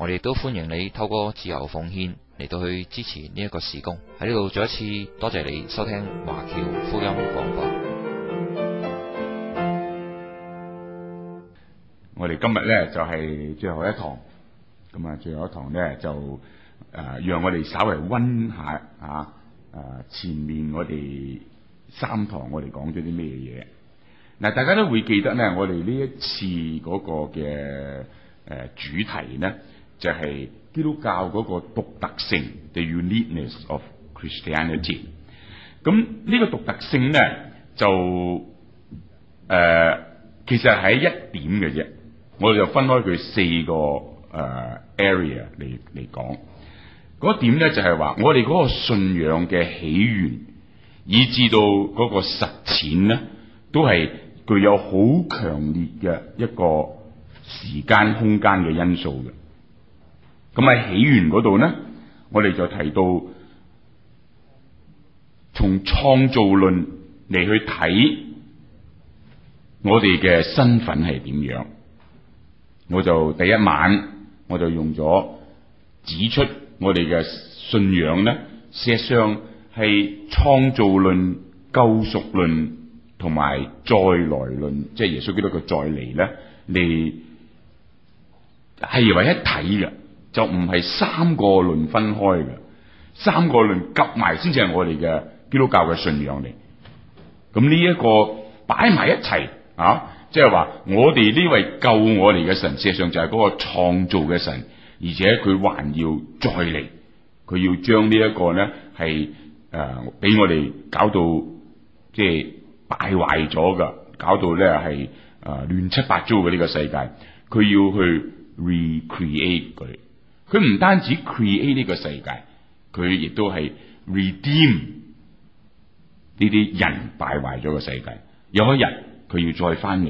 我哋都歡迎你透過自由奉獻嚟到去支持呢一個事工。喺呢度再一次多謝你收聽華僑福音廣播。我哋今日咧就係、是、最後一堂，咁啊最後一堂咧就誒、呃、讓我哋稍微温一下啊誒、呃、前面我哋三堂我哋講咗啲咩嘢？嗱、呃，大家都會記得咧，我哋呢一次嗰個嘅誒、呃、主題咧。就係、是、基督教個個獨特性，the uniqueness of Christianity。咁呢個獨特性咧，就誒、呃、其實係一點嘅啫。我哋就分開佢四個誒、呃、area 嚟嚟講，一點咧，就係話我哋個個信仰嘅起源，以至到個個實踐咧，都係具有好強烈嘅一個時間空間嘅因素嘅。咁喺起源嗰度咧，我哋就提到從創造論嚟去睇我哋嘅身份係點樣？我就第一晚我就用咗指出我哋嘅信仰咧，事實上係創造論、救贖論同埋再來論，即係耶穌基督嘅再嚟咧，嚟係為一體嘅。就唔係三個輪分開嘅，三個輪夾埋先至係我哋嘅基督教嘅信仰嚟。咁呢一個擺埋一齊啊，即係話我哋呢位救我哋嘅神，事實上就係嗰個創造嘅神，而且佢還要再嚟，佢要將呢一個咧係誒俾我哋搞到即係敗壞咗噶，搞到咧係誒亂七八糟嘅呢個世界，佢要去 recreate 佢。佢唔單止 create 呢個世界，佢亦都係 redeem 呢啲人敗壞咗個世界。有一日佢要再翻嚟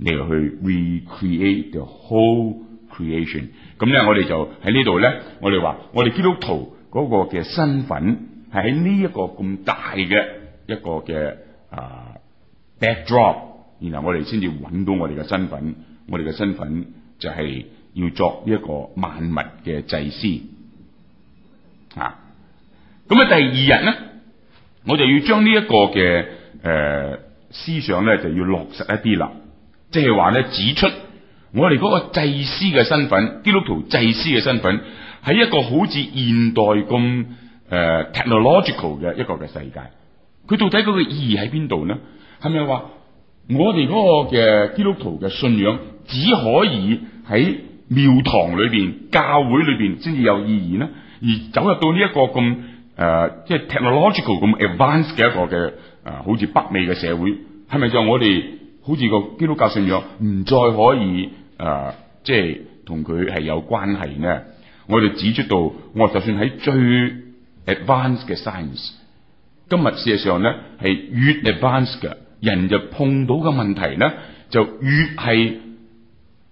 嚟去 recreate the whole creation。咁咧我哋就喺呢度咧，我哋話我哋基督徒嗰個嘅身份係喺呢一個咁大嘅一個嘅啊 backdrop，然後我哋先至揾到我哋嘅身份。我哋嘅身份就係、是。要作呢一個萬物嘅祭司啊！咁啊，第二日咧，我就要將呢一個嘅誒、呃、思想咧，就要落實一啲啦。即係話咧，指出我哋嗰個祭司嘅身份，基督徒祭司嘅身份，喺一個好似現代咁誒、呃、technological 嘅一個嘅世界，佢到底嗰個意義喺邊度呢？係咪話我哋嗰個嘅基督徒嘅信仰只可以喺？廟堂裏邊、教會裏邊先至有意義咧，而走入到呢、呃、一個咁誒即係 technological 咁 advanced 嘅一個嘅誒好似北美嘅社會，係咪就係我哋好似個基督教信仰唔再可以誒、呃、即係同佢係有關係咧？我哋指出到，我就算喺最 advanced 嘅 science，今日事實上咧係越 advanced 嘅人就碰到嘅問題咧，就越係。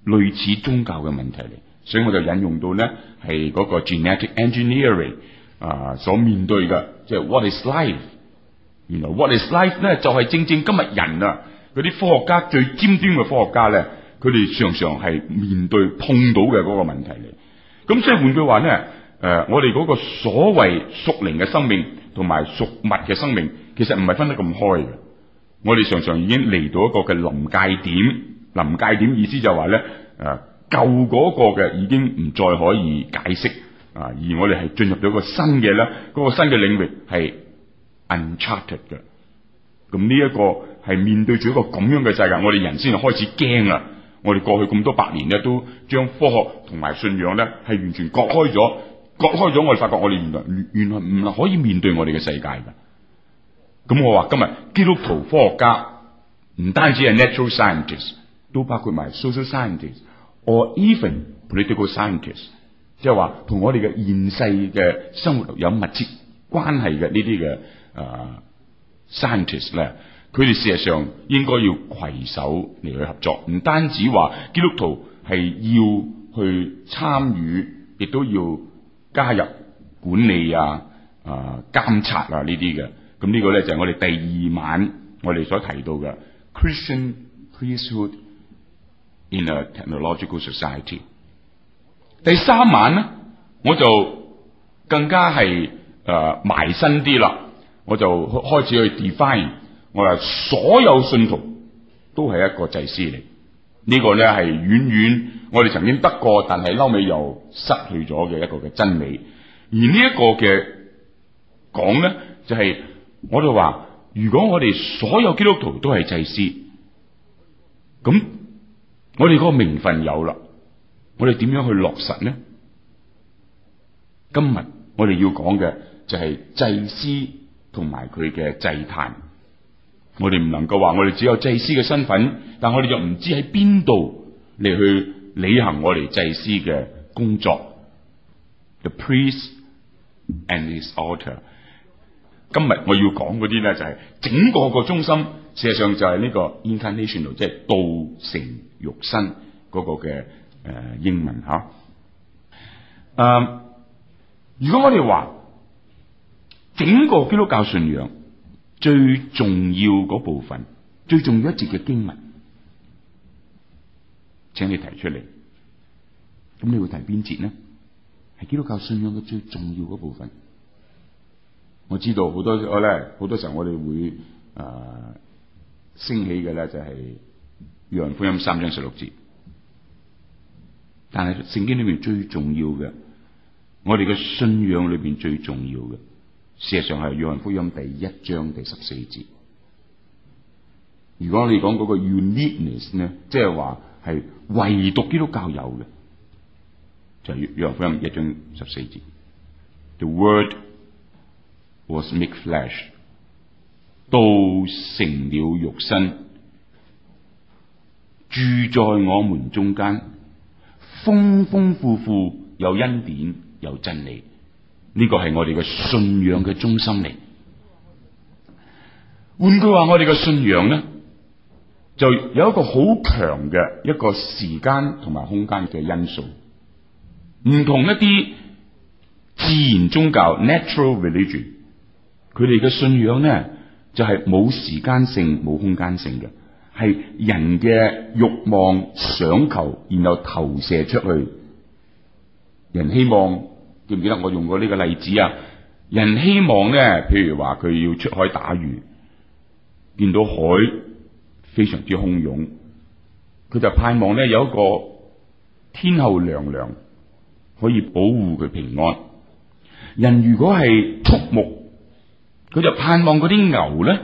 類似宗教嘅問題嚟，所以我就引用到咧係嗰個 genetic engineering 啊、呃、所面對嘅，即係 what is life？原來 you know, what is life 咧就係、是、正正今日人啊嗰啲科學家最尖端嘅科學家咧，佢哋常常係面對碰到嘅嗰個問題嚟。咁所以換句話咧，誒、呃，我哋嗰個所謂屬靈嘅生命同埋屬物嘅生命，其實唔係分得咁開嘅。我哋常常已經嚟到一個嘅臨界點。臨界點意思就係話咧，誒，舊嗰個嘅已經唔再可以解釋，啊，而我哋係進入咗個新嘅咧，嗰個新嘅領域係 uncharted 嘅。咁呢一個係面對住一個咁樣嘅世界，我哋人先開始驚啊！我哋過去咁多百年咧，都將科學同埋信仰咧係完全割開咗，割開咗我哋發覺我哋原來原來唔係可以面對我哋嘅世界嘅。咁我話今日基督徒科學家唔單止係 natural scientist。都包括埋 social scientists or even political scientists，即係話同我哋嘅現世嘅生活有密切關係嘅、呃、呢啲嘅 scientists 咧，佢哋事實上應該要攜手嚟去合作，唔單止話基督徒係要去參與，亦都要加入管理啊、啊、呃、監察啊、嗯這個、呢啲嘅。咁呢個咧就係、是、我哋第二晚我哋所提到嘅 Christian priesthood。in a technological society。第三晚咧，我就更加係誒埋身啲啦，我就開始去 define 我話所有信徒都係一個祭司嚟，這個、呢個咧係遠遠我哋曾經得過，但係後尾又失去咗嘅一個嘅真理。而呢一個嘅講咧，就係、是、我就話，如果我哋所有基督徒都係祭司，咁。我哋嗰個名分，有啦，我哋點樣去落實呢？今日我哋要講嘅就係祭司同埋佢嘅祭壇。我哋唔能夠話我哋只有祭司嘅身份，但我哋又唔知喺邊度嚟，去履行我哋祭司嘅工作。The priest and his altar。今日我要講嗰啲咧，就係整個個中心，事實上就係呢個 international，r a 即係道成。肉身嗰個嘅，誒、呃、英文吓，誒、啊，如果我哋話整個基督教信仰最重要嗰部分，最重要一節嘅經文，請你提出嚟，咁你會提邊節呢？係基督教信仰嘅最重要嗰部分，我知道好多我咧，好多時候我哋會誒、呃、升起嘅咧就係、是。約翰福音三章十六節，但係聖經裏面最重要嘅，我哋嘅信仰裏邊最重要嘅，事實上係約翰福音第一章第十四節。如果你講嗰個 uniqueness 呢，即係話係唯獨基督教有嘅，就係約翰福音一章十四節。The Word was made flesh，都成了肉身。住在我們中間，豐豐富富有恩典有真理，呢個係我哋嘅信仰嘅中心嚟。換句話，我哋嘅信仰咧，就有一個好強嘅一個時間同埋空間嘅因素。唔同一啲自然宗教 （natural religion），佢哋嘅信仰咧就係冇時間性冇空間性嘅。係人嘅慾望想求，然後投射出去。人希望，記唔記得我用過呢個例子啊？人希望咧，譬如話佢要出海打魚，見到海非常之洶湧，佢就盼望咧有一個天后娘娘可以保護佢平安。人如果係畜牧，佢就盼望嗰啲牛咧。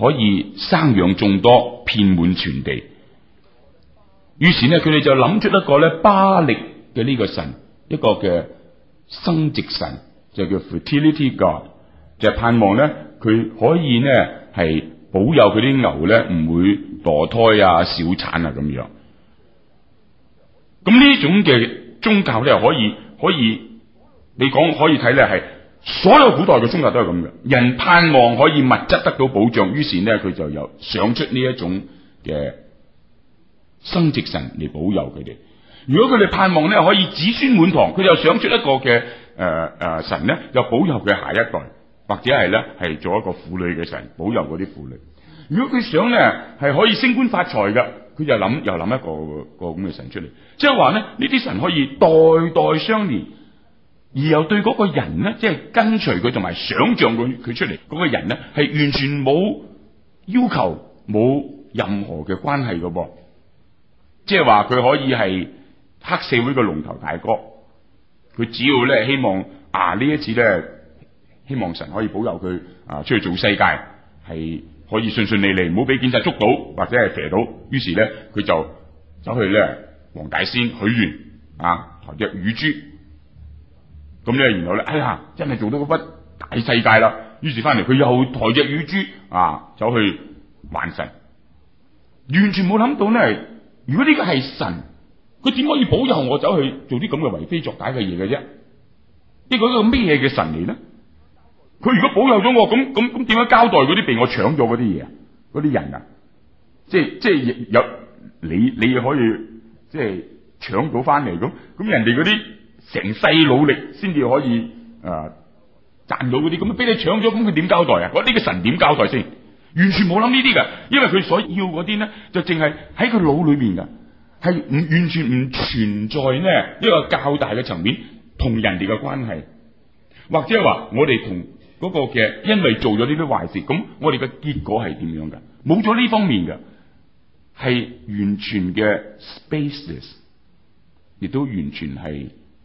可以生養眾多，遍滿全地。於是咧，佢哋就諗出一個咧巴力嘅呢個神，一個嘅生殖神，就叫 Fertility God，就是盼望咧佢可以咧係保佑佢啲牛咧唔會墮胎啊、小產啊咁樣。咁呢種嘅宗教咧，可以可以，你講可以睇咧係。所有古代嘅宗教都係咁嘅，人盼望可以物質得到保障，於是咧佢就又想出呢一種嘅生殖神嚟保佑佢哋。如果佢哋盼望咧可以子孫滿堂，佢又想出一個嘅誒誒神咧，又保佑佢下一代，或者係咧係做一個婦女嘅神保佑嗰啲婦女。如果佢想咧係可以升官發財嘅，佢就諗又諗一個一個咁嘅神出嚟，即係話咧呢啲神可以代代相連。而又對嗰個人咧，即係跟隨佢同埋想象佢佢出嚟嗰個人咧，係完全冇要求冇任何嘅關係㗎噃，即係話佢可以係黑社會嘅龍頭大哥，佢只要咧希望啊呢一次咧，希望神可以保佑佢啊出去做世界係可以順順利利，唔好俾警察捉到或者係肥到。於是咧佢就走去咧黃大仙許願啊，約雨珠。咁咧，然後咧，哎呀，真係做到個筆大世界啦！於是翻嚟，佢又抬隻乳豬啊，走去還神。完全冇諗到咧，如果呢個係神，佢點可以保佑我走去做啲咁嘅為非作歹嘅嘢嘅啫？這個、呢個咩嘅神嚟咧？佢如果保佑咗我，咁咁咁點樣交代嗰啲被我搶咗嗰啲嘢啊？嗰啲人啊，即係即係有你，你可以即係搶到翻嚟咁，咁人哋嗰啲。成世努力先至可以誒賺、呃、到啲，咁俾你搶咗，咁佢點交代啊？我、那、呢個神點交代先？完全冇諗呢啲噶，因為佢所要啲咧，就淨係喺佢腦裏邊噶，係唔完全唔存在咧一個較大嘅層面同人哋嘅關係，或者話我哋同、嗰個嘅，因為做咗呢啲壞事，咁我哋嘅結果係點樣噶？冇咗呢方面嘅，係完全嘅 spaceless，亦都完全係。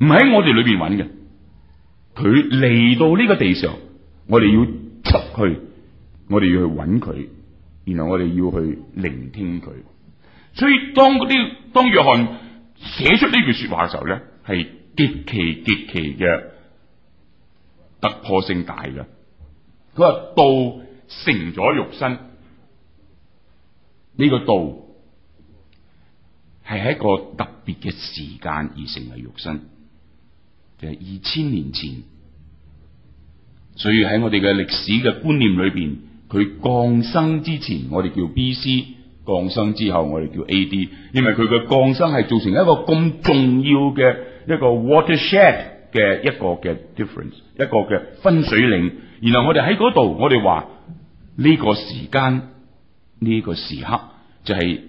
唔喺我哋裏邊揾嘅，佢嚟到呢個地上，我哋要出去，我哋要去揾佢，然後我哋要去聆聽佢。所以當啲當約翰寫出呢句說話嘅時候咧，係極其極其嘅突破性大嘅。佢話道成咗肉身，呢個道係喺一個特別嘅時間而成為肉身。誒，二千年前，所以喺我哋嘅歷史嘅觀念裏邊，佢降生之前我哋叫 B.C.，降生之後我哋叫 A.D.，因為佢嘅降生係造成一個咁重要嘅一個 watershed 嘅一個嘅 difference，一個嘅分水嶺。然後我哋喺度，我哋話呢個時間呢個時刻就係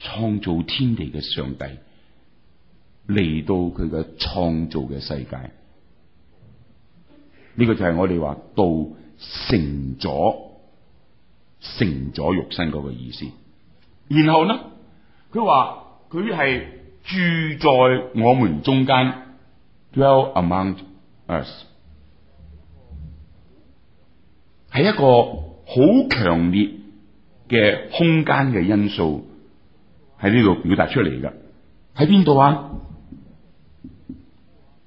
創造天地嘅上帝。嚟到佢嘅創造嘅世界，呢、這個就係我哋話道成咗成咗肉身嗰個意思。然後呢，佢話佢係住在我們中間，dwell among us，係一個好強烈嘅空間嘅因素喺呢度表達出嚟噶。喺邊度啊？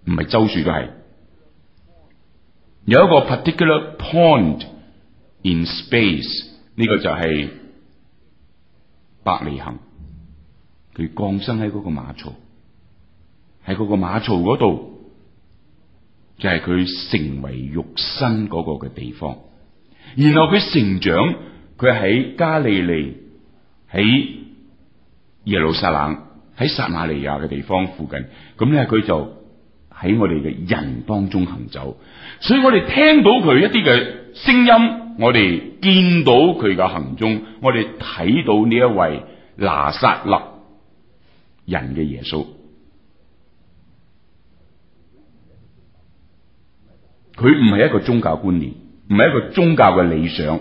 唔係周樹都係有一個 particular point in space，呢個就係伯利恆佢降生喺個馬槽，喺個馬槽度就係、是、佢成為肉身嗰個嘅地方。然後佢成長，佢喺加利利、喺耶路撒冷、喺撒瑪利亞嘅地方附近，咁咧佢就。喺我哋嘅人當中行走，所以我哋聽到佢一啲嘅聲音，我哋見到佢嘅行蹤，我哋睇到呢一位拿撒勒人嘅耶穌，佢唔係一個宗教觀念，唔係一個宗教嘅理想，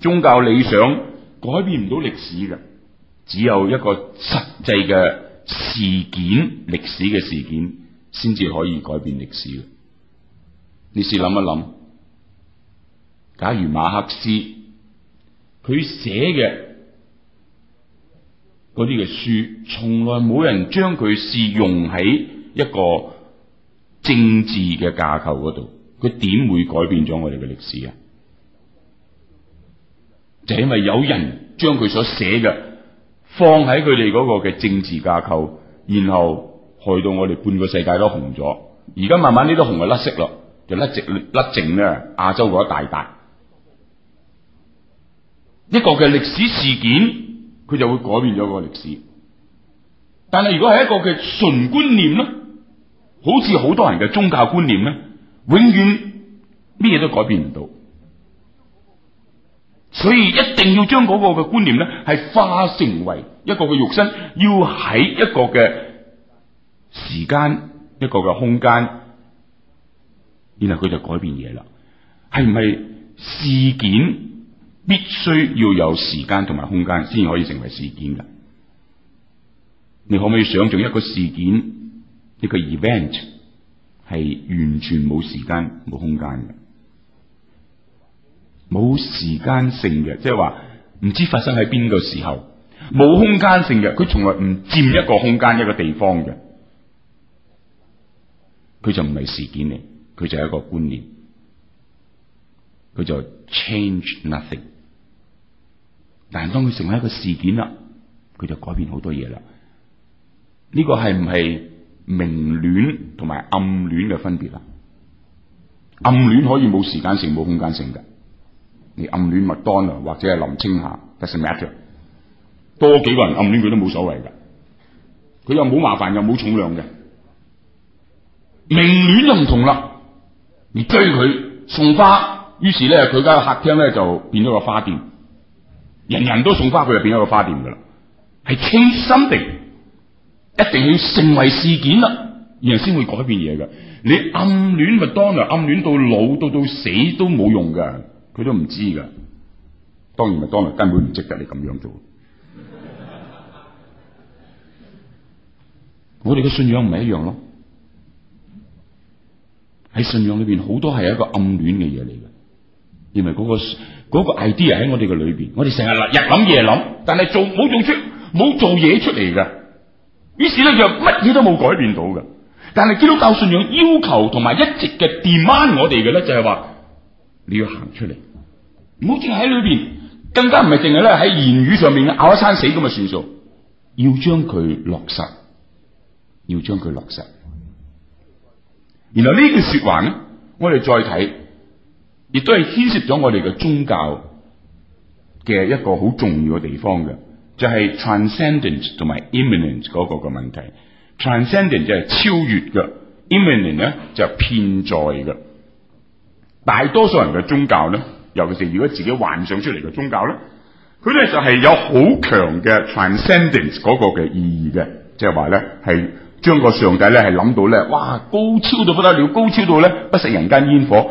宗教理想改變唔到歷史嘅，只有一個實際嘅事件，歷史嘅事件。先至可以改變歷史嘅。你試諗一諗，假如馬克思佢寫嘅嗰啲嘅書，從來冇人將佢試用喺一個政治嘅架構嗰度，佢點會改變咗我哋嘅歷史啊？就係因為有人將佢所寫嘅放喺佢哋嗰個嘅政治架構，然後。害到我哋半個世界都紅咗，而家慢慢呢都紅就甩色咯，就甩直甩淨咧。亞洲嗰一大帶，一個嘅歷史事件，佢就會改變咗個歷史。但係如果係一個嘅純觀念咧，好似好多人嘅宗教觀念咧，永遠咩都改變唔到。所以一定要將嗰個嘅觀念咧，係化成為一個嘅肉身，要喺一個嘅。時間一個嘅空間，然後佢就改變嘢啦。係唔係事件必須要有時間同埋空間先可以成為事件嘅？你可唔可以想象一個事件？一個 event 係完全冇時間冇空間嘅，冇時間性嘅，即係話唔知發生喺邊個時候，冇空間性嘅，佢從來唔佔一個空間一個地方嘅。佢就唔係事件嚟，佢就係一個觀念，佢就 change nothing。但係當佢成為一個事件啦，佢就改變好多嘢啦。呢、這個係唔係明戀同埋暗戀嘅分別啦？暗戀可以冇時間性、冇空間性嘅。你暗戀麥當勞，或者係林青霞，that's matter。多幾個人暗戀佢都冇所謂噶，佢又冇麻煩，又冇重量嘅。明戀就唔同啦，你追佢送花，於是咧佢間客廳咧就變咗個花店，人人都送花，佢就變咗個花店噶啦。係傾心定一定要成為事件啦，然後先會改變嘢噶。你暗戀咪當然暗戀到老到到死都冇用噶，佢都唔知噶。當然咪當然根本唔值得你咁樣做。 我哋嘅信仰唔係一樣咯。喺信仰裏邊好多係一個暗戀嘅嘢嚟嘅因為嗰個、嗰個 idea 喺我哋嘅裏邊，我哋成日日諗夜諗，但係做冇做出，冇做嘢出嚟嘅，於是咧就乜嘢都冇改變到嘅。但係基督教信仰要求同埋一直嘅 demand 我哋嘅咧，就係話你要行出嚟，唔好淨喺裏邊，更加唔係淨係咧喺言語上面拗一餐死咁嘅算數，要將佢落實，要將佢落實。然後呢句說話咧，我哋再睇，亦都係牽涉咗我哋嘅宗教嘅一個好重要嘅地方嘅，就係、是、transcendence 同埋 immanence 嗰個嘅問題。transcendence 就係超越嘅，immanence 呢咧就係遍在嘅。大多數人嘅宗教咧，尤其是如果自己幻想出嚟嘅宗教咧，佢咧就係有好強嘅 transcendence 嗰個嘅意義嘅，即係話咧係。將個上帝咧係諗到咧，哇，高超到不得了，高超到咧不食人間煙火。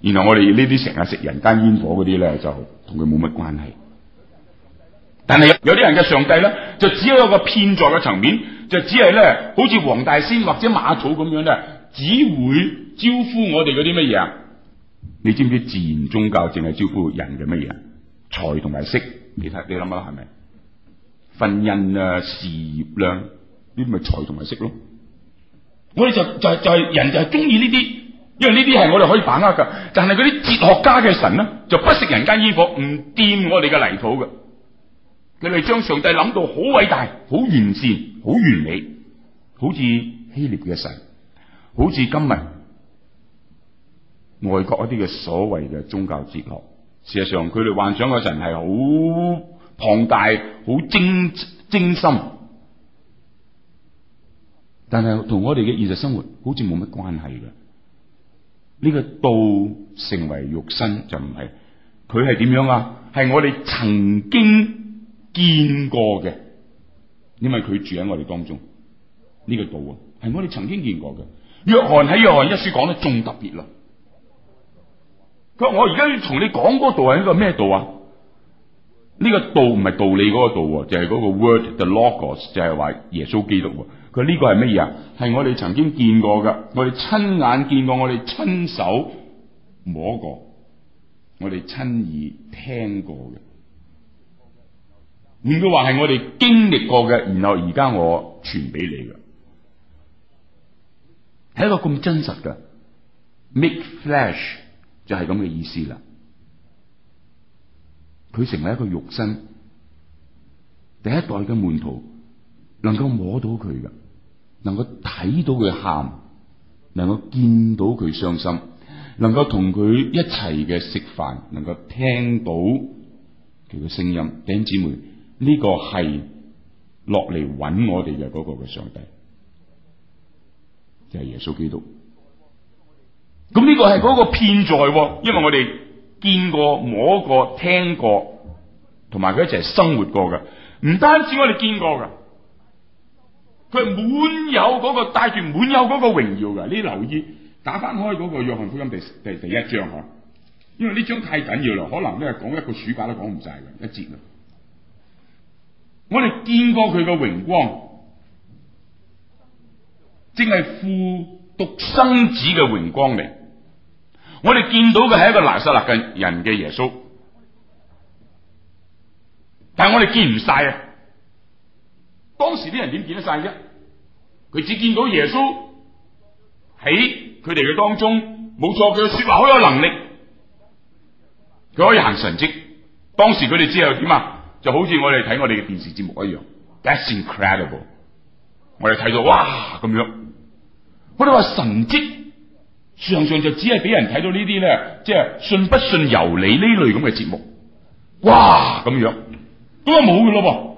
然後我哋呢啲成日食人間煙火嗰啲咧，就同佢冇乜關係。但係有啲人嘅上帝咧，就只有一個遍在嘅層面，就只係咧，好似黃大仙或者馬祖咁樣咧，只會招呼我哋嗰啲乜嘢？你知唔知自然宗教淨係招呼人嘅乜嘢？財同埋色，你睇，你諗下係咪？婚姻啊，事業啊。呢啲咪財同埋色咯，我哋就就就係人就係中意呢啲，因為呢啲係我哋可以把握噶。但係嗰啲哲學家嘅神呢，就不食人間煙火，唔掂我哋嘅泥土噶。佢哋將上帝諗到好偉大、好完善、好完美，好似希臘嘅神，好似今日外國一啲嘅所謂嘅宗教哲學，事實上佢哋幻想嘅神係好龐大、好精精深。但係同我哋嘅現實生活好似冇乜關係嘅，呢個道成為肉身就唔係，佢係點樣啊？係我哋曾經見過嘅，因為佢住喺我哋當中，呢個道啊，係我哋曾經見過嘅。約翰喺約翰一書講得仲特別啦，佢話我而家要同你講嗰度係一個咩道啊？呢個道唔係道理嗰個道，就係嗰個 Word the Logos，就係話耶穌基督。佢呢、這個係乜嘢啊？係我哋曾經見過嘅，我哋親眼見過，我哋親手摸過，我哋親耳聽過嘅。唔會話係我哋經歷過嘅，然後而家我傳俾你嘅，係一個咁真實嘅。Make flesh 就係咁嘅意思啦。佢成為一個肉身，第一代嘅門徒能夠摸到佢嘅。能夠睇到佢喊，能夠見到佢傷心，能夠同佢一齊嘅食飯，能夠聽到佢嘅聲音，弟兄姊妹，呢、這個係落嚟揾我哋嘅嗰個嘅上帝，就係、是、耶穌基督。咁呢個係嗰個騙在，因為我哋見過、摸過、聽過，同埋佢一齊生活過嘅，唔單止我哋見過噶。佢係滿有嗰個帶住滿有嗰個榮耀嘅，你留意打翻開嗰個約翰福音第第第一章嗬，因為呢章太緊要啦，可能咧講一個暑假都講唔晒嘅一節啊！我哋見過佢嘅榮光，正係父獨生子嘅榮光嚟。我哋見到嘅係一個拿撒勒嘅人嘅耶穌，但係我哋見唔晒啊！當時啲人點見得晒啫？佢只見到耶穌喺佢哋嘅當中，冇錯，佢嘅說話好有能力，佢可以行神蹟。當時佢哋知道點啊？就好似我哋睇我哋嘅電視節目一樣，That's incredible！我哋睇到哇咁樣。我哋話神蹟常常就只係俾人睇到呢啲咧，即係信不信由你呢類咁嘅節目。哇咁樣，咁啊冇噶咯噃。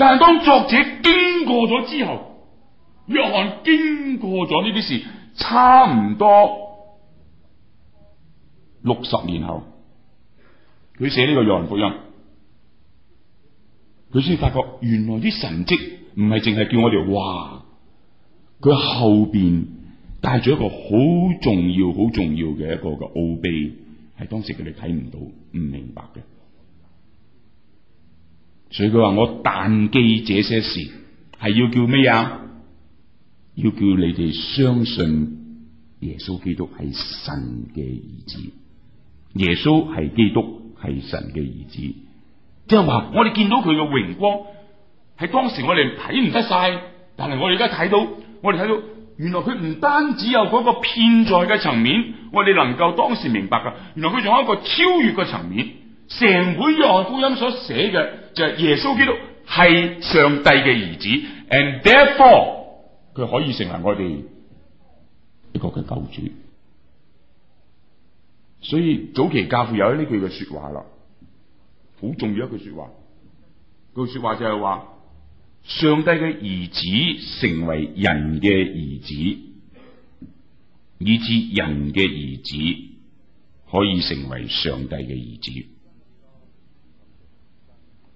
但係當作者經過咗之後，約翰經過咗呢啲事，差唔多六十年後，佢寫呢個約翰福音，佢先發覺原來啲神蹟唔係淨係叫我哋哇，佢後邊帶住一個好重要、好重要嘅一個嘅奧秘，係當時佢哋睇唔到、唔明白嘅。所以佢話我但記這些事，係要叫咩啊？要叫你哋相信耶穌基督係神嘅兒子，耶穌係基督係神嘅兒子，即係話我哋見到佢嘅榮光，係當時我哋睇唔得晒，但係我哋而家睇到，我哋睇到原來佢唔單止有嗰個騙在嘅層面，我哋能夠當時明白噶，原來佢仲有一個超越嘅層面。成本約翰福音所寫嘅就係耶穌基督係上帝嘅兒子，and therefore 佢可以成為我哋一個嘅救主。所以早期教父有一呢句嘅說話啦，好重要一句說話。句說話就係話上帝嘅兒子成為人嘅兒子，以致人嘅兒子可以成為上帝嘅兒子。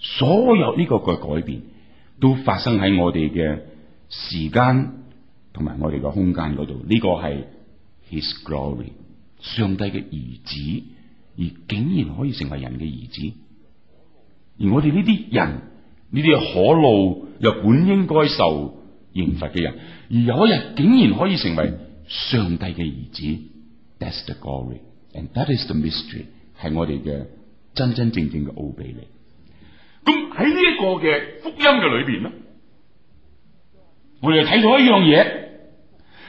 所有呢個嘅改變都發生喺我哋嘅時間同埋我哋嘅空間度，呢個係 His glory，上帝嘅兒子，而竟然可以成為人嘅兒子，而我哋呢啲人，呢啲可怒又本應該受刑罰嘅人，而有一日竟然可以成為上帝嘅兒子，That's the glory and that is the mystery，係我哋嘅真真正正嘅奧秘嚟。咁喺呢一,一個嘅福音嘅裏邊咧，我哋睇到一樣嘢，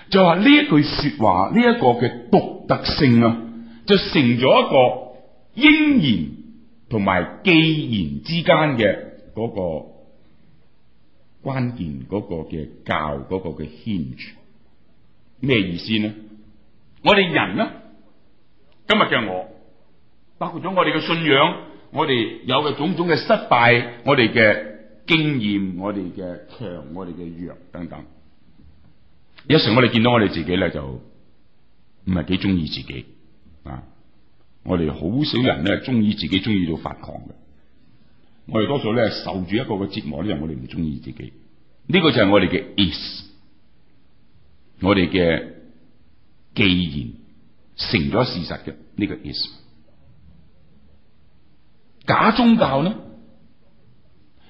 就話呢一句說話，呢一個嘅獨特性啊，就成咗一個應然同埋既然之間嘅嗰個關鍵，嗰個嘅教，嗰個嘅牽，咩意思呢？我哋人呢，今日嘅我，包括咗我哋嘅信仰。我哋有嘅種種嘅失敗，我哋嘅經驗，我哋嘅強，我哋嘅弱，等等。有時我哋見到我哋自己咧，就唔係幾中意自己啊！我哋好少人咧中意自己，中意到發狂嘅。我哋多數咧受住一個嘅折磨，因為我哋唔中意自己。呢個就係我哋嘅 is，我哋嘅既然成咗事實嘅呢個 is。假宗教咧，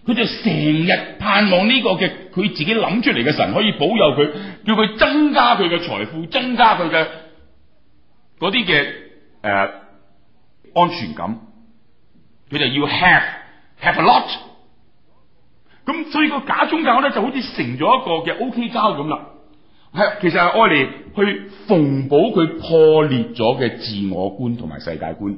佢就成日盼望呢個嘅佢自己諗出嚟嘅神可以保佑佢，叫佢增加佢嘅財富，增加佢嘅啲嘅誒安全感。佢就要 have have a lot。咁所以個假宗教咧，就好似成咗一個嘅 OK 膠咁啦。係其實係愛嚟去縫補佢破裂咗嘅自我觀同埋世界觀。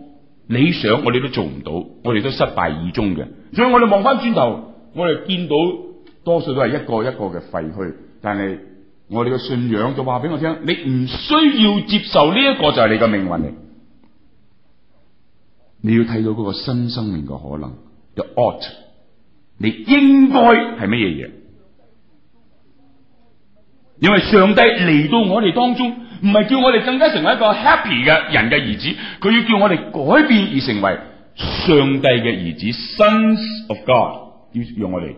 理想我哋都做唔到，我哋都失敗而終嘅。所以我哋望翻轉頭，我哋見到多數都係一個一個嘅廢墟。但係我哋嘅信仰就話俾我聽，你唔需要接受呢一個就係你嘅命運嚟。你要睇到嗰個新生命嘅可能。就 ought，你應該係乜嘢嘢？因為上帝嚟到我哋當中。唔係叫我哋更加成為一個 happy 嘅人嘅兒子，佢要叫我哋改變而成為上帝嘅兒子，sons of God，要讓我哋。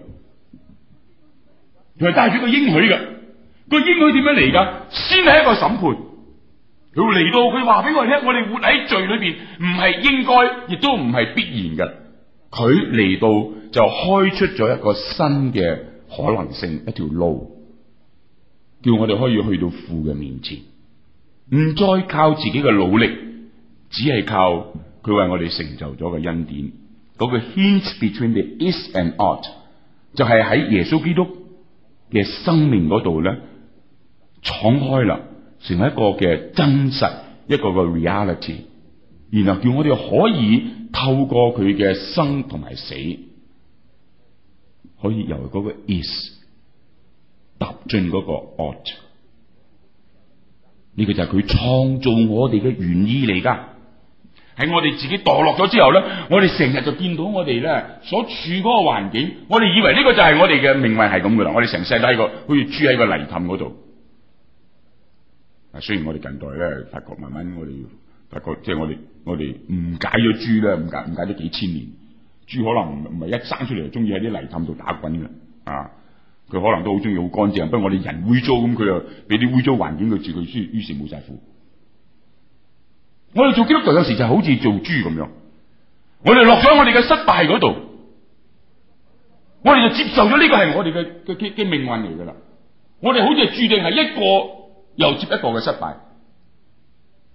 佢係帶住個應許嘅，個應許點樣嚟噶？先係一個審判，佢嚟到，佢話俾我聽，我哋活喺罪裏邊，唔係應該，亦都唔係必然嘅。佢嚟到就開出咗一個新嘅可能性，一條路，叫我哋可以去到父嘅面前。唔再靠自己嘅努力，只係靠佢為我哋成就咗嘅恩典。嗰個 hint between the is and ought 就係喺耶穌基督嘅生命嗰度咧，敞開啦，成為一個嘅真實一個嘅 reality，然後叫我哋可以透過佢嘅生同埋死，可以由嗰個 is 踏進嗰個 ought。呢個就係佢創造我哋嘅原意嚟噶，喺我哋自己墮落咗之後咧，我哋成日就見到我哋咧所處嗰個環境，我哋以為呢個就係我哋嘅命運係咁噶啦，我哋成世都喺個好似豬喺個泥凼嗰度。啊，雖然我哋近代咧，發覺慢慢我哋，發覺即係我哋我哋誤解咗豬咧，誤解誤解咗幾千年，豬可能唔唔係一生出嚟就中意喺啲泥凼度打滾噶啊。佢可能都好中意好乾淨，不過我哋人污糟咁，佢又俾啲污糟環境佢住佢住，於是冇晒苦。我哋做基督徒有時就好似做豬咁樣，我哋落咗我哋嘅失敗嗰度，我哋就接受咗呢個係我哋嘅嘅嘅命運嚟噶啦。我哋好似注定係一個又接一個嘅失敗，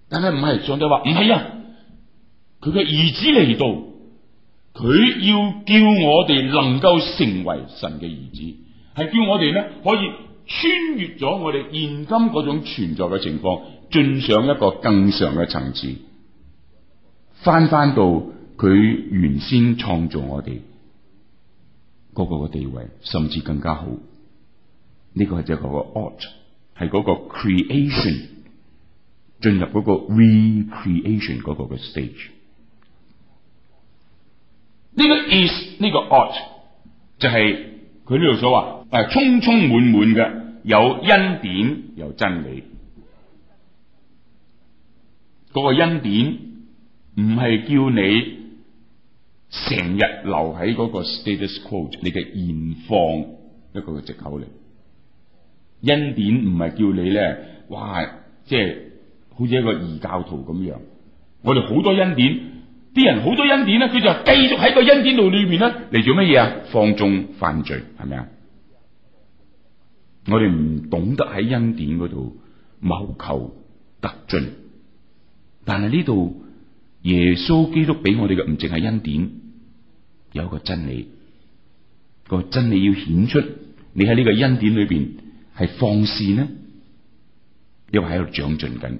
但係唔係上帝話唔係啊，佢嘅兒子嚟到，佢要叫我哋能夠成為神嘅兒子。係叫我哋咧可以穿越咗我哋現今嗰種存在嘅情況，進上一個更上嘅層次，返返到佢原先創造我哋個個地位，甚至更加好。呢、這個係即係嗰個 art，係個 creation 進入個 recreation 嗰個嘅 stage。呢、這個 is 呢個 art 就係佢呢度所話。係、啊、充充滿滿嘅，有恩典，有真理。嗰、那個恩典唔係叫你成日留喺嗰個 status quo，你嘅現況一個嘅借口嚟。恩典唔係叫你咧，哇！即、就、係、是、好似一個異教徒咁樣。我哋好多恩典，啲人好多恩典咧，佢就繼續喺個恩典度裏面咧嚟，做乜嘢啊？放縱犯罪係咪啊？是不是我哋唔懂得喺恩典嗰度，謀求得進，但係呢度耶穌基督俾我哋嘅唔淨係恩典，有一個真理，個真理要顯出你喺呢個恩典裏邊係放肆呢，抑或喺度長進緊？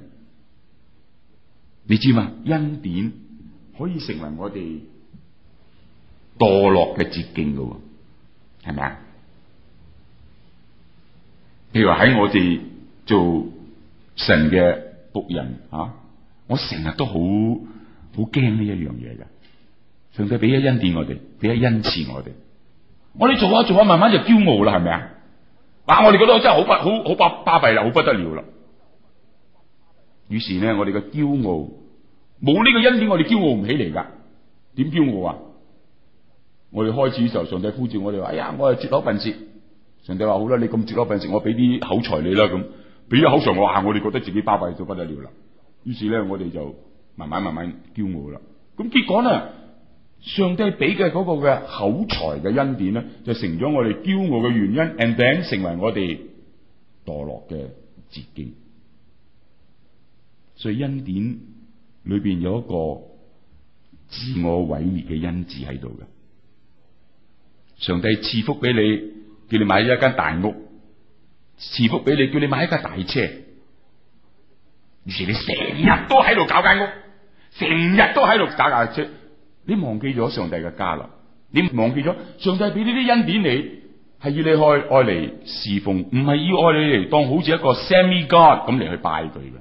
你知嘛？恩典可以成為我哋墮落嘅捷徑噶係咪啊？譬如話，喺我哋做神嘅僕人啊，我成日都好好驚呢一樣嘢㗎，上帝俾一恩典我哋，俾一恩賜我哋，我哋做下做下慢慢就驕傲啦，係咪啊？嗱，我哋覺得我真係好不好好巴巴閉啦，好不得了啦。於是咧，我哋嘅驕傲冇呢個恩典我們驕驕，我哋驕傲唔起嚟噶，點驕傲啊？我哋開始的時候，上帝呼召我哋話：「哎呀，我係拙口笨舌。人哋話好啦，你咁折羅笨食，我俾啲口才你啦。咁，俾咗口才我行，啊，我哋覺得自己巴閉就不得了啦。於是咧，我哋就慢慢慢慢驕傲啦。咁結果咧，上帝俾嘅嗰個嘅口才嘅恩典咧，就成咗我哋驕傲嘅原因，and then 成為我哋墮落嘅捷徑。所以恩典裏邊有一個自我毀滅嘅因子喺度嘅。上帝賜福俾你。叫你買一間大屋，賜福俾你；叫你買一架大車。於是你成日都喺度搞間屋，成日都喺度搞架車。你忘記咗上帝嘅家啦？你忘記咗上帝俾呢啲恩典你，係要你去愛嚟侍奉，唔係要愛你嚟當好似一個 semi god 咁嚟去拜佢嘅。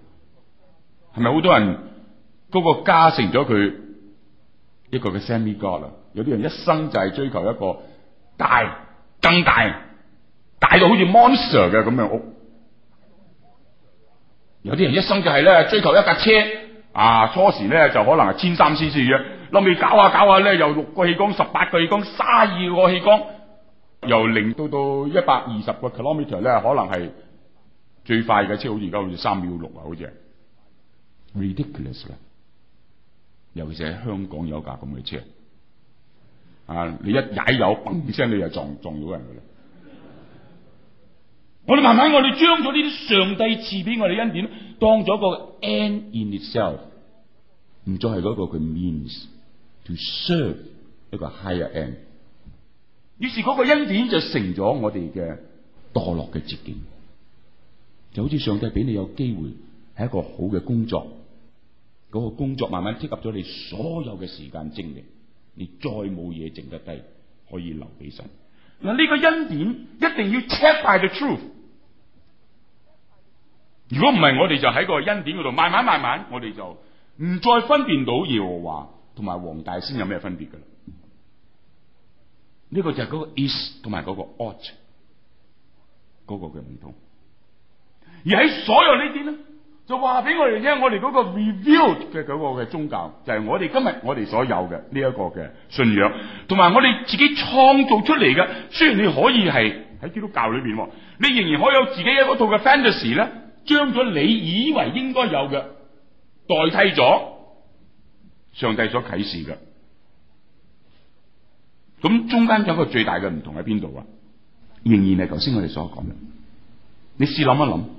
係咪好多人嗰個家成咗佢一個嘅 semi god 啊？有啲人一生就係追求一個大。更大，大到好似 monster 嘅咁樣的屋。有啲人一生就係咧追求一架車，啊初時咧就可能係千三 c 四嘅，諗住搞下、啊、搞下、啊、咧，由六個氣缸、十八個氣缸、卅二個氣缸，由零到到一百二十個 kilometer 咧，可能係最快嘅車，好似而家好似三秒六啊，好似，ridiculous 啦，尤其是喺香港有架咁嘅車。啊！你一踩油，嘣聲你就撞撞到人嘅啦！我哋慢慢，我哋將咗呢啲上帝賜俾我哋恩典，當咗個 end in itself，唔再係嗰個佢 means to serve 一個 higher end。於是嗰個恩典就成咗我哋嘅墮落嘅捷徑，就好似上帝俾你有機會係一個好嘅工作，嗰、那個工作慢慢 take up 咗你所有嘅時間精力。你再冇嘢剩得低可以留俾神嗱，呢、這個恩典一定要 check by the truth。如果唔係，我哋就喺個恩典嗰度慢慢慢慢，我哋就唔再分辨到耶和華同埋黃大仙有咩分別噶。呢、這個就係嗰個 is 同埋嗰個 ought 嗰個嘅唔同。而喺所有呢啲咧。就話俾我哋聽，我哋嗰個 review 嘅嗰個嘅宗教，就係我哋今日我哋所有嘅呢一個嘅信仰，同埋我哋自己創造出嚟嘅。雖然你可以係喺基督教裏邊，你仍然可以有自己一套嘅 fantasy 咧，將咗你以為應該有嘅代替咗上帝所啟示嘅。咁中間有個最大嘅唔同喺邊度啊？仍然係頭先我哋所講嘅。你試諗一諗。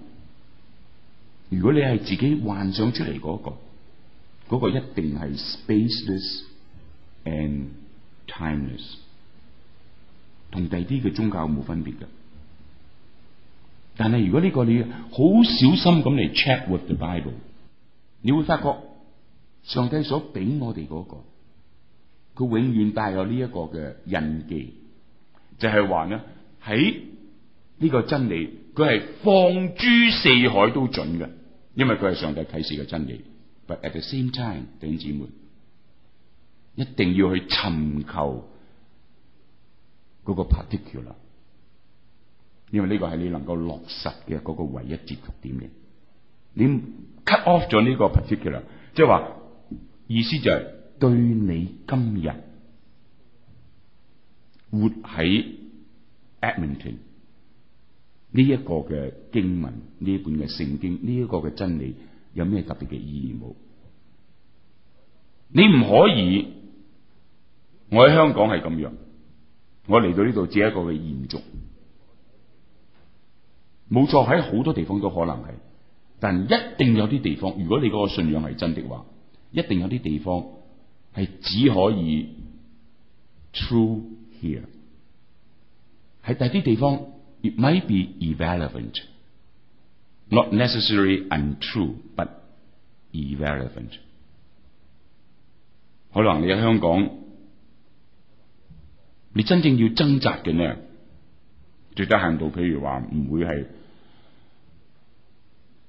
如果你係自己幻想出嚟嗰個，嗰個一定係 spaceless and timeless，同第啲嘅宗教冇分別嘅。但係如果呢個你好小心咁嚟 check with the Bible，你會發覺上帝所俾我哋嗰個，佢永遠帶有呢一個嘅印記，就係話咧喺呢個真理，佢係放諸四海都準嘅。因為佢係上帝啟示嘅真理，but at the same time，弟兄姊妹，一定要去尋求嗰個 particular，因為呢個係你能夠落實嘅個唯一接觸點嘅。你 cut off 咗呢個 particular，即係話意思就係對你今日活喺 Edmonton 呢一個嘅經文，呢一本嘅聖經，呢一個嘅真理，有咩特別嘅意義冇？你唔可以，我喺香港係咁樣，我嚟到呢度只係一個嘅延續，冇錯。喺好多地方都可能係，但一定有啲地方，如果你嗰個信仰係真的話，一定有啲地方係只可以 true here。喺第啲地方。It might be irrelevant, not necessarily untrue but irrelevant. 可能你喺香港，你真正要掙扎嘅呢，最低限度，譬如話唔會係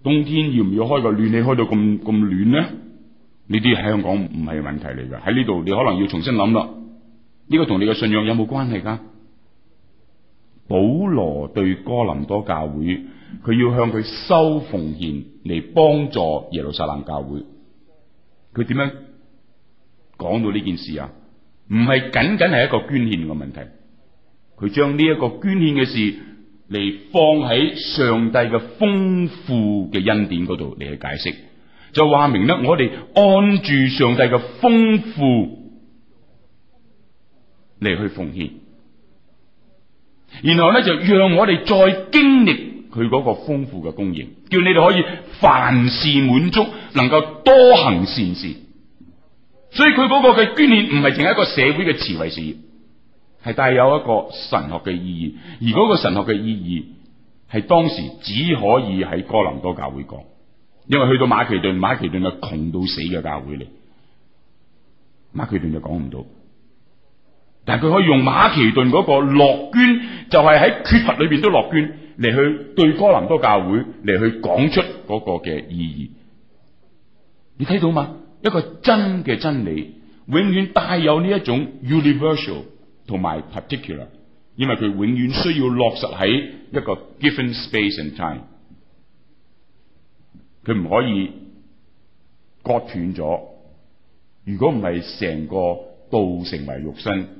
冬天要唔要開個暖氣開到咁咁暖呢？呢啲喺香港唔係問題嚟㗎。喺呢度你可能要重新諗啦。呢個同你嘅信仰有冇關係㗎？保羅對哥林多教會，佢要向佢收奉獻嚟幫助耶路撒冷教會，佢點樣講到呢件事啊？唔係僅僅係一個捐獻嘅問題，佢將呢一個捐獻嘅事嚟放喺上帝嘅豐富嘅恩典嗰度嚟去解釋，就話明咧，我哋按住上帝嘅豐富嚟去奉獻。然後咧就讓我哋再經歷佢嗰個豐富嘅供應，叫你哋可以凡事滿足，能夠多行善事。所以佢嗰個嘅捐獻唔係淨係一個社會嘅慈惠事業，係帶有一個神學嘅意義。而嗰個神學嘅意義係當時只可以喺哥林多教會講，因為去到馬其頓，馬其頓係窮到死嘅教會嚟，馬其頓就講唔到。但係佢可以用馬其頓嗰個樂捐，就係喺缺乏裏邊都樂捐嚟，去對哥林多教會嚟去講出嗰個嘅意義。你睇到嗎？一個真嘅真理，永遠帶有呢一種 universal 同埋 particular，因為佢永遠需要落實喺一個 given space and time。佢唔可以割斷咗。如果唔係，成個道成為肉身。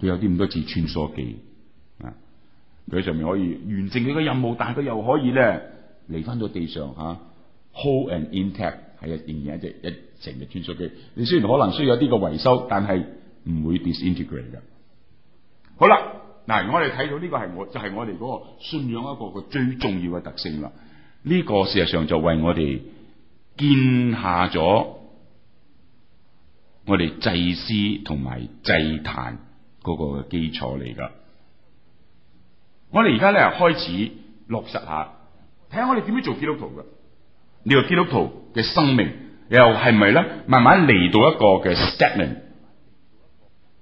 佢有啲咁多次穿梭機，啊，佢喺上面可以完成佢嘅任務，但係佢又可以咧嚟翻到地上吓 whole and intact 係仍然一隻一成日穿梭機。你雖然可能需要有啲嘅維修，但係唔會 disintegrate 嘅。好啦，嗱我哋睇到呢個係我，就係、是、我哋嗰個信仰一個個最重要嘅特性啦。呢、這個事實上就為我哋建下咗我哋祭司同埋祭壇。嗰、那個嘅基礎嚟㗎。我哋而家咧開始落實一下，睇下我哋點樣做基督徒嘅呢個基督徒嘅生命又係咪咧？慢慢嚟到一個嘅 stagnation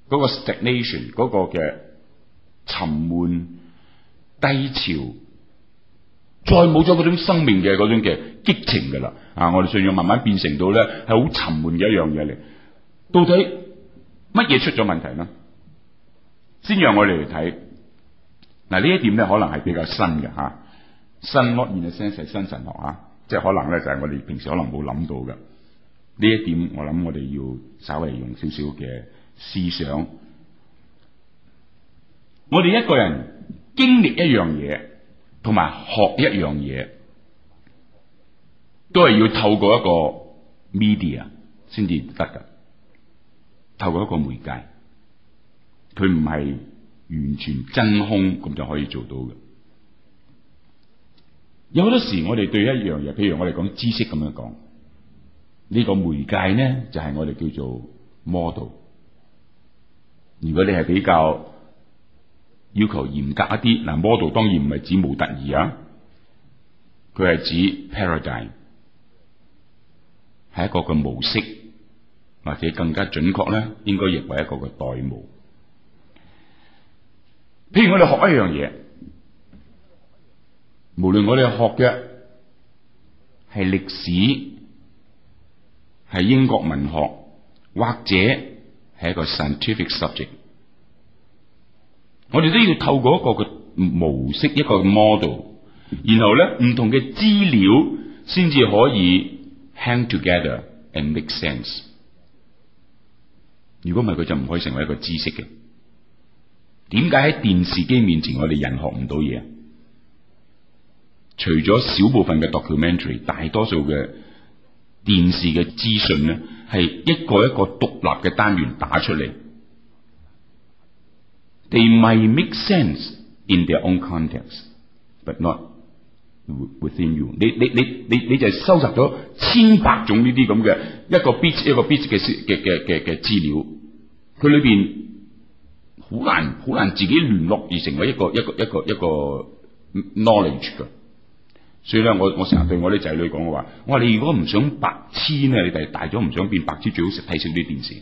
嗰個 stagnation 嗰個嘅沉悶低潮，再冇咗嗰種生命嘅嗰種嘅激情㗎啦。啊，我哋信要慢慢變成到咧係好沉悶嘅一樣嘢嚟。到底乜嘢出咗問題呢？先讓我哋嚟睇嗱，呢一點咧，可能係比較新嘅，吓，新 language sense 係新神學啊，即係可能咧就係我哋平時可能冇諗到嘅呢一點，我諗我哋要稍微用少少嘅思想，我哋一個人經歷一樣嘢，同埋學一樣嘢，都係要透過一個 media 先至得噶，透過一個媒介。佢唔係完全真空咁就可以做到嘅。有好多時，我哋對一樣嘢，譬如我哋講知識咁樣講呢，呢個媒介咧就係、是、我哋叫做 model。如果你係比較要求嚴格一啲，嗱 model 當然唔係指模特兒啊，佢係指 paradigm，係一個嘅模式，或者更加準確咧，應該認為一個嘅代模。譬如我哋學一樣嘢，無論我哋學嘅係歷史、係英國文學，或者係一個 scientific subject，我哋都要透過一個嘅模式，一個 model，然後咧唔同嘅資料先至可以 hang together and make sense。如果唔係，佢就唔可以成為一個知識嘅。點解喺電視機面前，我哋人學唔到嘢？除咗少部分嘅 documentary，大多數嘅電視嘅資訊咧，係一個一個獨立嘅單元打出嚟，They might make sense in their own context，but not within you 你。你你你你你就係收集咗千百種呢啲咁嘅一個 bit 一個 bit 嘅嘅嘅嘅嘅資料，佢裏邊。好難好難自己聯絡而成為一個一個一個一個 knowledge 㗎。所以咧，我我成日對我啲仔女講嘅話，我話，你如果唔想白痴咧，你哋大咗唔想變白痴，最好食睇少啲電視。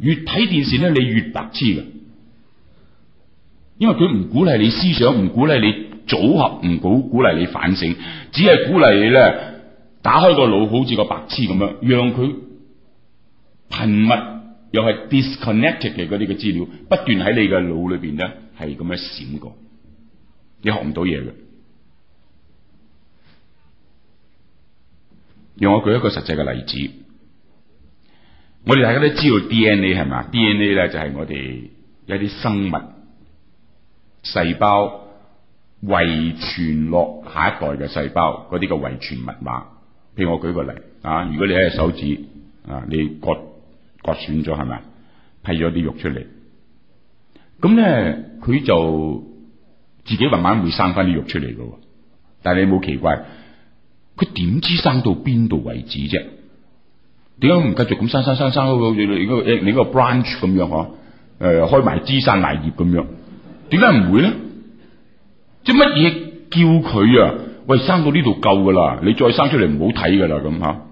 越睇電視咧，你越白痴㗎！因為佢唔鼓勵你思想，唔鼓勵你組合，唔鼓鼓勵你反省，只係鼓勵你咧打開個腦，好似個白痴咁樣，讓佢頻密。」又係 disconnected 嘅嗰啲嘅資料不斷喺你嘅腦裏邊咧，係咁樣閃過，你學唔到嘢嘅。用我舉一個實際嘅例子，我哋大家都知道 DNA 係嘛？嗯。DNA 咧就係我哋一啲生物細胞遺傳落下一代嘅細胞嗰啲嘅遺傳密碼。譬如我舉一個例啊，如果你喺手指啊，你割。割損咗係咪？批咗啲肉出嚟，咁咧佢就自己慢慢會生翻啲肉出嚟噶。但係你冇奇怪？佢點知生到邊度為止啫？點解唔繼續咁生生生生你個個你個 branch 咁樣吓？誒，開埋枝生芽葉咁樣，點解唔會咧？即係乜嘢叫佢啊？喂，生到呢度夠噶啦，你再生出嚟唔好睇噶啦咁吓。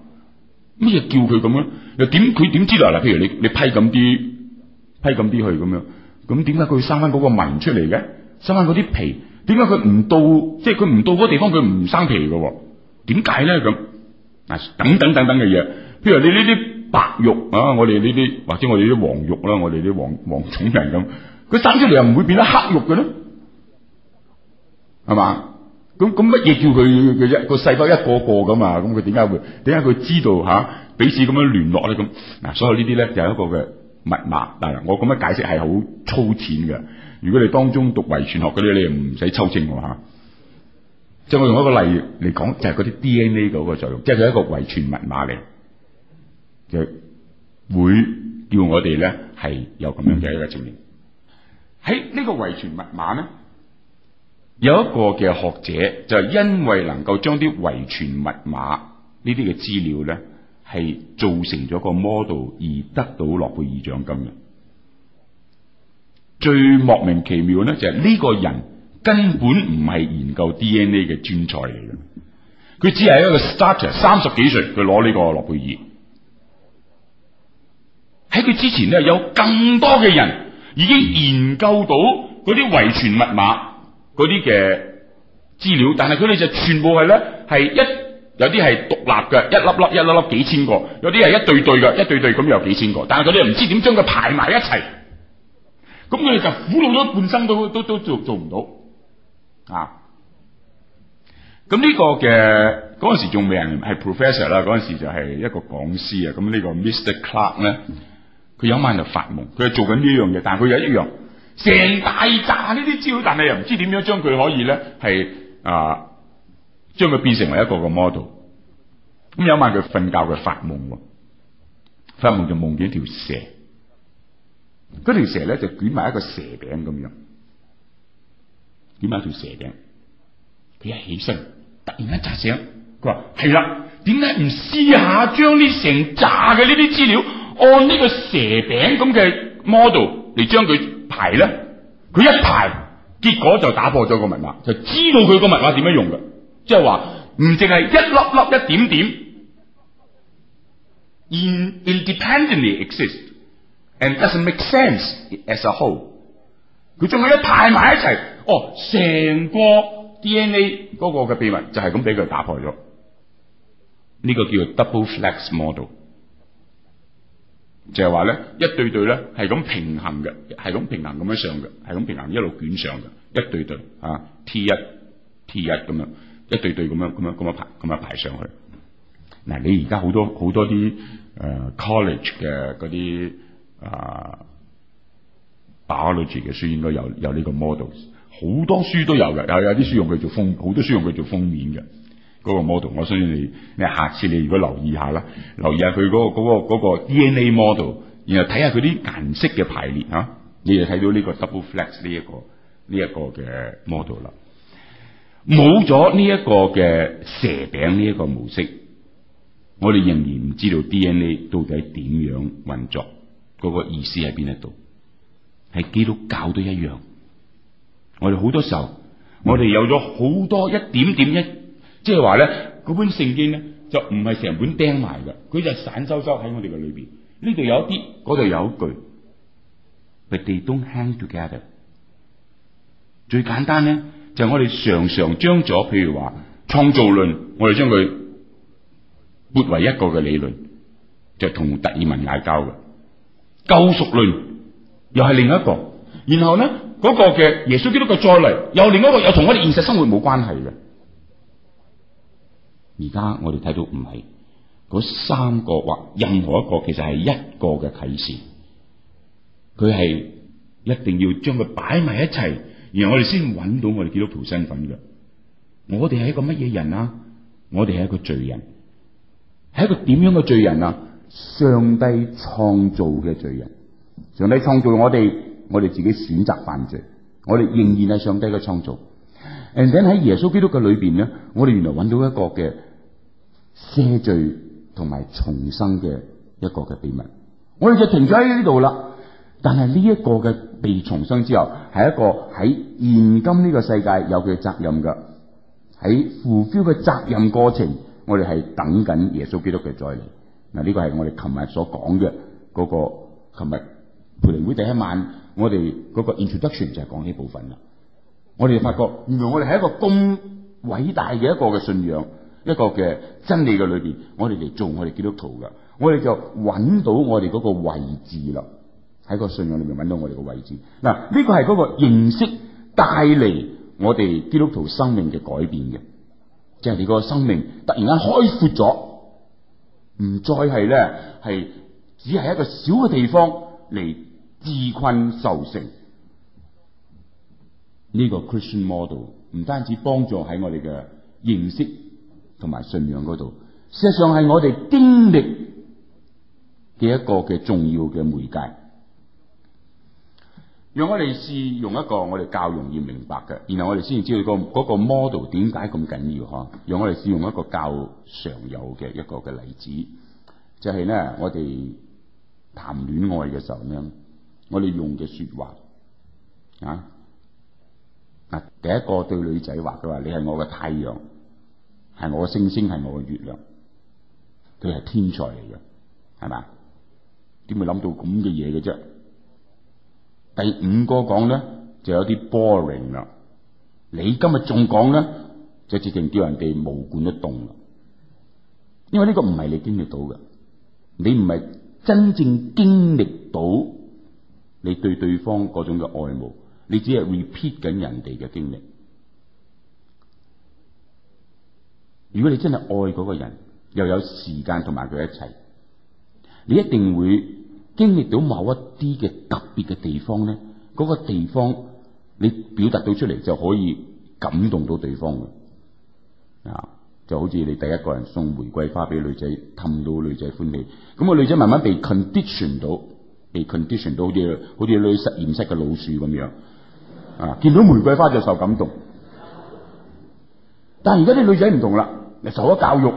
乜嘢叫佢咁樣？又點？佢點知道？嗱，譬如你你批咁啲批咁啲去咁樣，咁點解佢會生翻嗰個紋出嚟嘅？生翻嗰啲皮，點解佢唔到即係佢唔到嗰個地方佢唔生皮嘅？點解咧？咁等等等等嘅嘢，譬如你呢啲白肉啊，我哋呢啲或者我哋啲黃肉啦，我哋啲黃黃種人咁，佢生出嚟又唔會變得黑肉嘅咧，係嘛？咁咁乜嘢叫佢嘅啫？個細胞一個一個噶嘛？咁佢點解會點解佢知道吓、啊、彼此咁樣聯絡咧？咁、啊、嗱，所有呢啲咧就係一個嘅密碼。嗱、啊，我咁樣解釋係好粗淺嘅。如果你當中讀遺傳學嗰啲，你又唔使抽證我吓。即係我用一個例嚟講，就係嗰啲 DNA 嗰個作用，即、就、係、是、一個遺傳密碼嚟，就會叫我哋咧係有咁樣嘅一個證明。喺呢個遺傳密碼咧。有一個嘅學者就係因為能夠將啲遺傳密碼呢啲嘅資料咧，係造成咗個 model 而得到諾貝爾獎金嘅。最莫名其妙咧就係呢個人根本唔係研究 DNA 嘅專才嚟嘅，佢只係一個 starter，三十幾歲佢攞呢個諾貝爾。喺佢之前咧，有更多嘅人已經研究到嗰啲遺傳密碼，嗰啲嘅資料，但係佢哋就全部係咧，係一有啲係獨立嘅一粒粒一粒粒幾千個，有啲係一對對嘅一對對咁有幾千個，但係佢哋又唔知點將佢排埋一齊，咁佢哋就苦惱咗半生都都都都做做唔到啊！咁呢個嘅嗰陣時仲未係 professor 啦，嗰陣時就係一個講師啊。咁呢個 Mr. Clark 咧，佢有一晚就發夢，佢係做緊呢樣嘢，但係佢有一樣。成大扎呢啲資料，但係又唔知點樣將佢可以咧，係啊，將佢變成嚟一個個 model。咁有晚佢瞓覺佢發夢喎，發夢就夢見一條蛇，嗰條蛇咧就捲埋一個蛇餅咁樣，捲埋條蛇餅。佢一起身，突然間扎醒，佢話係啦，點解唔試下將呢成炸嘅呢啲資料按呢個蛇餅咁嘅 model 嚟將佢？來將它排咧，佢一排，結果就打破咗個密碼，就知道佢個密碼點樣用嘅，即係話唔淨係一粒粒、一點點，in independently exist and doesn't make sense as a whole。佢仲要排一排埋一齊，哦，成個 DNA 嗰個嘅秘密就係咁俾佢打破咗，呢個叫做 double helix model。就係話咧，一對對咧，係咁平衡嘅，係咁平衡咁樣上嘅，係咁平衡一路捲上嘅，一對對啊，T 一 T 一咁樣，一對對咁樣咁樣咁樣排咁樣排上去。嗱，你而家好多好多啲誒 college 嘅嗰啲啊，biology 嘅書，應該有有呢個 model，好多書都有嘅，有有啲書用佢做封，好多書用佢做封面嘅。嗰個 model，我相信你，你下次你如果留意下啦，留意下佢嗰個嗰個嗰個 DNA model，然後睇下佢啲顏色嘅排列吓，你就睇到呢個 double helix 呢一個呢一個嘅 model 啦。冇咗呢一個嘅蛇餅呢一個模式，我哋仍然唔知道 DNA 到底點樣運作，嗰個意思喺邊一度？係基督教都一樣，我哋好多時候，我哋有咗好多一點點一。即係話咧，嗰本聖經咧就唔係成本釘埋嘅，佢就散修修喺我哋嘅裏邊。呢度有一啲，嗰度有一句。But they don't hang together。最簡單咧，就我哋常常將咗，譬如話創造論，我哋將佢撥為一個嘅理論，就同達爾文嗌交嘅。救贖論又係另一個，然後咧嗰、嗰個嘅耶穌基督佢再嚟，又另一個又同我哋現實生活冇關係嘅。而家我哋睇到唔係嗰三個或任何一個，其實係一個嘅啟示。佢係一定要將佢擺埋一齊，然後我哋先揾到我哋基督徒身份嘅。我哋係一個乜嘢人啊？我哋係一個罪人，係一個點樣嘅罪人啊？上帝創造嘅罪人，上帝創造我哋，我哋自己選擇犯罪，我哋仍然係上帝嘅創造。and then 喺耶穌基督嘅裏邊咧，我哋原來揾到一個嘅赦罪同埋重生嘅一個嘅秘密。我哋就停咗喺呢度啦。但係呢一個嘅被重生之後，係一個喺現今呢個世界有佢嘅責任噶。喺負標嘅責任過程，我哋係等緊耶穌基督嘅再嚟。嗱，呢個係我哋琴日所講嘅嗰個，琴日培靈會第一晚我哋嗰個 introduction 就係講呢部分啦。我哋就發覺，原來我哋係一個咁偉大嘅一個嘅信仰，一個嘅真理嘅裏邊，我哋嚟做我哋基督徒嘅，我哋就揾到我哋個位置啦。喺個信仰裏面揾到我哋嘅位置。嗱，呢個係個形式帶嚟我哋基督徒生命嘅改變嘅，即係你個生命突然間開闊咗，唔再係咧係只係一個小嘅地方嚟自困受成。呢個 Christian model 唔單止幫助喺我哋嘅認識同埋信仰嗰度，事實上係我哋經歷嘅一個嘅重要嘅媒介。讓我哋試用一個我哋較容易明白嘅，然後我哋先知道嗰個 model 點解咁緊要呵？讓我哋試用一個較常有嘅一個嘅例子，就係咧我哋談戀愛嘅時候咧我哋用嘅說話啊。第一個對女仔話佢話，你係我嘅太陽，係我嘅星星，係我嘅月亮，佢係天才嚟嘅，係嘛？點會諗到咁嘅嘢嘅啫？第五個講咧，就有啲 boring 啦。你今日仲講咧，就直情叫人哋無管一動啦。因為呢個唔係你經歷到嘅，你唔係真正經歷到你對對方嗰種嘅愛慕。你只係 repeat 緊人哋嘅經歷。如果你真係愛嗰個人，又有時間同埋佢一齊，你一定會經歷到某一啲嘅特別嘅地方咧。嗰個地方你表達到出嚟就可以感動到對方嘅。啊，就好似你第一個人送玫瑰花俾女仔，氹到女仔歡喜。咁個女仔慢慢被 condition 到，被 condition 到好似好似女實驗室嘅老鼠咁樣。啊！見到玫瑰花就受感動，但係而家啲女仔唔同啦，受咗教育，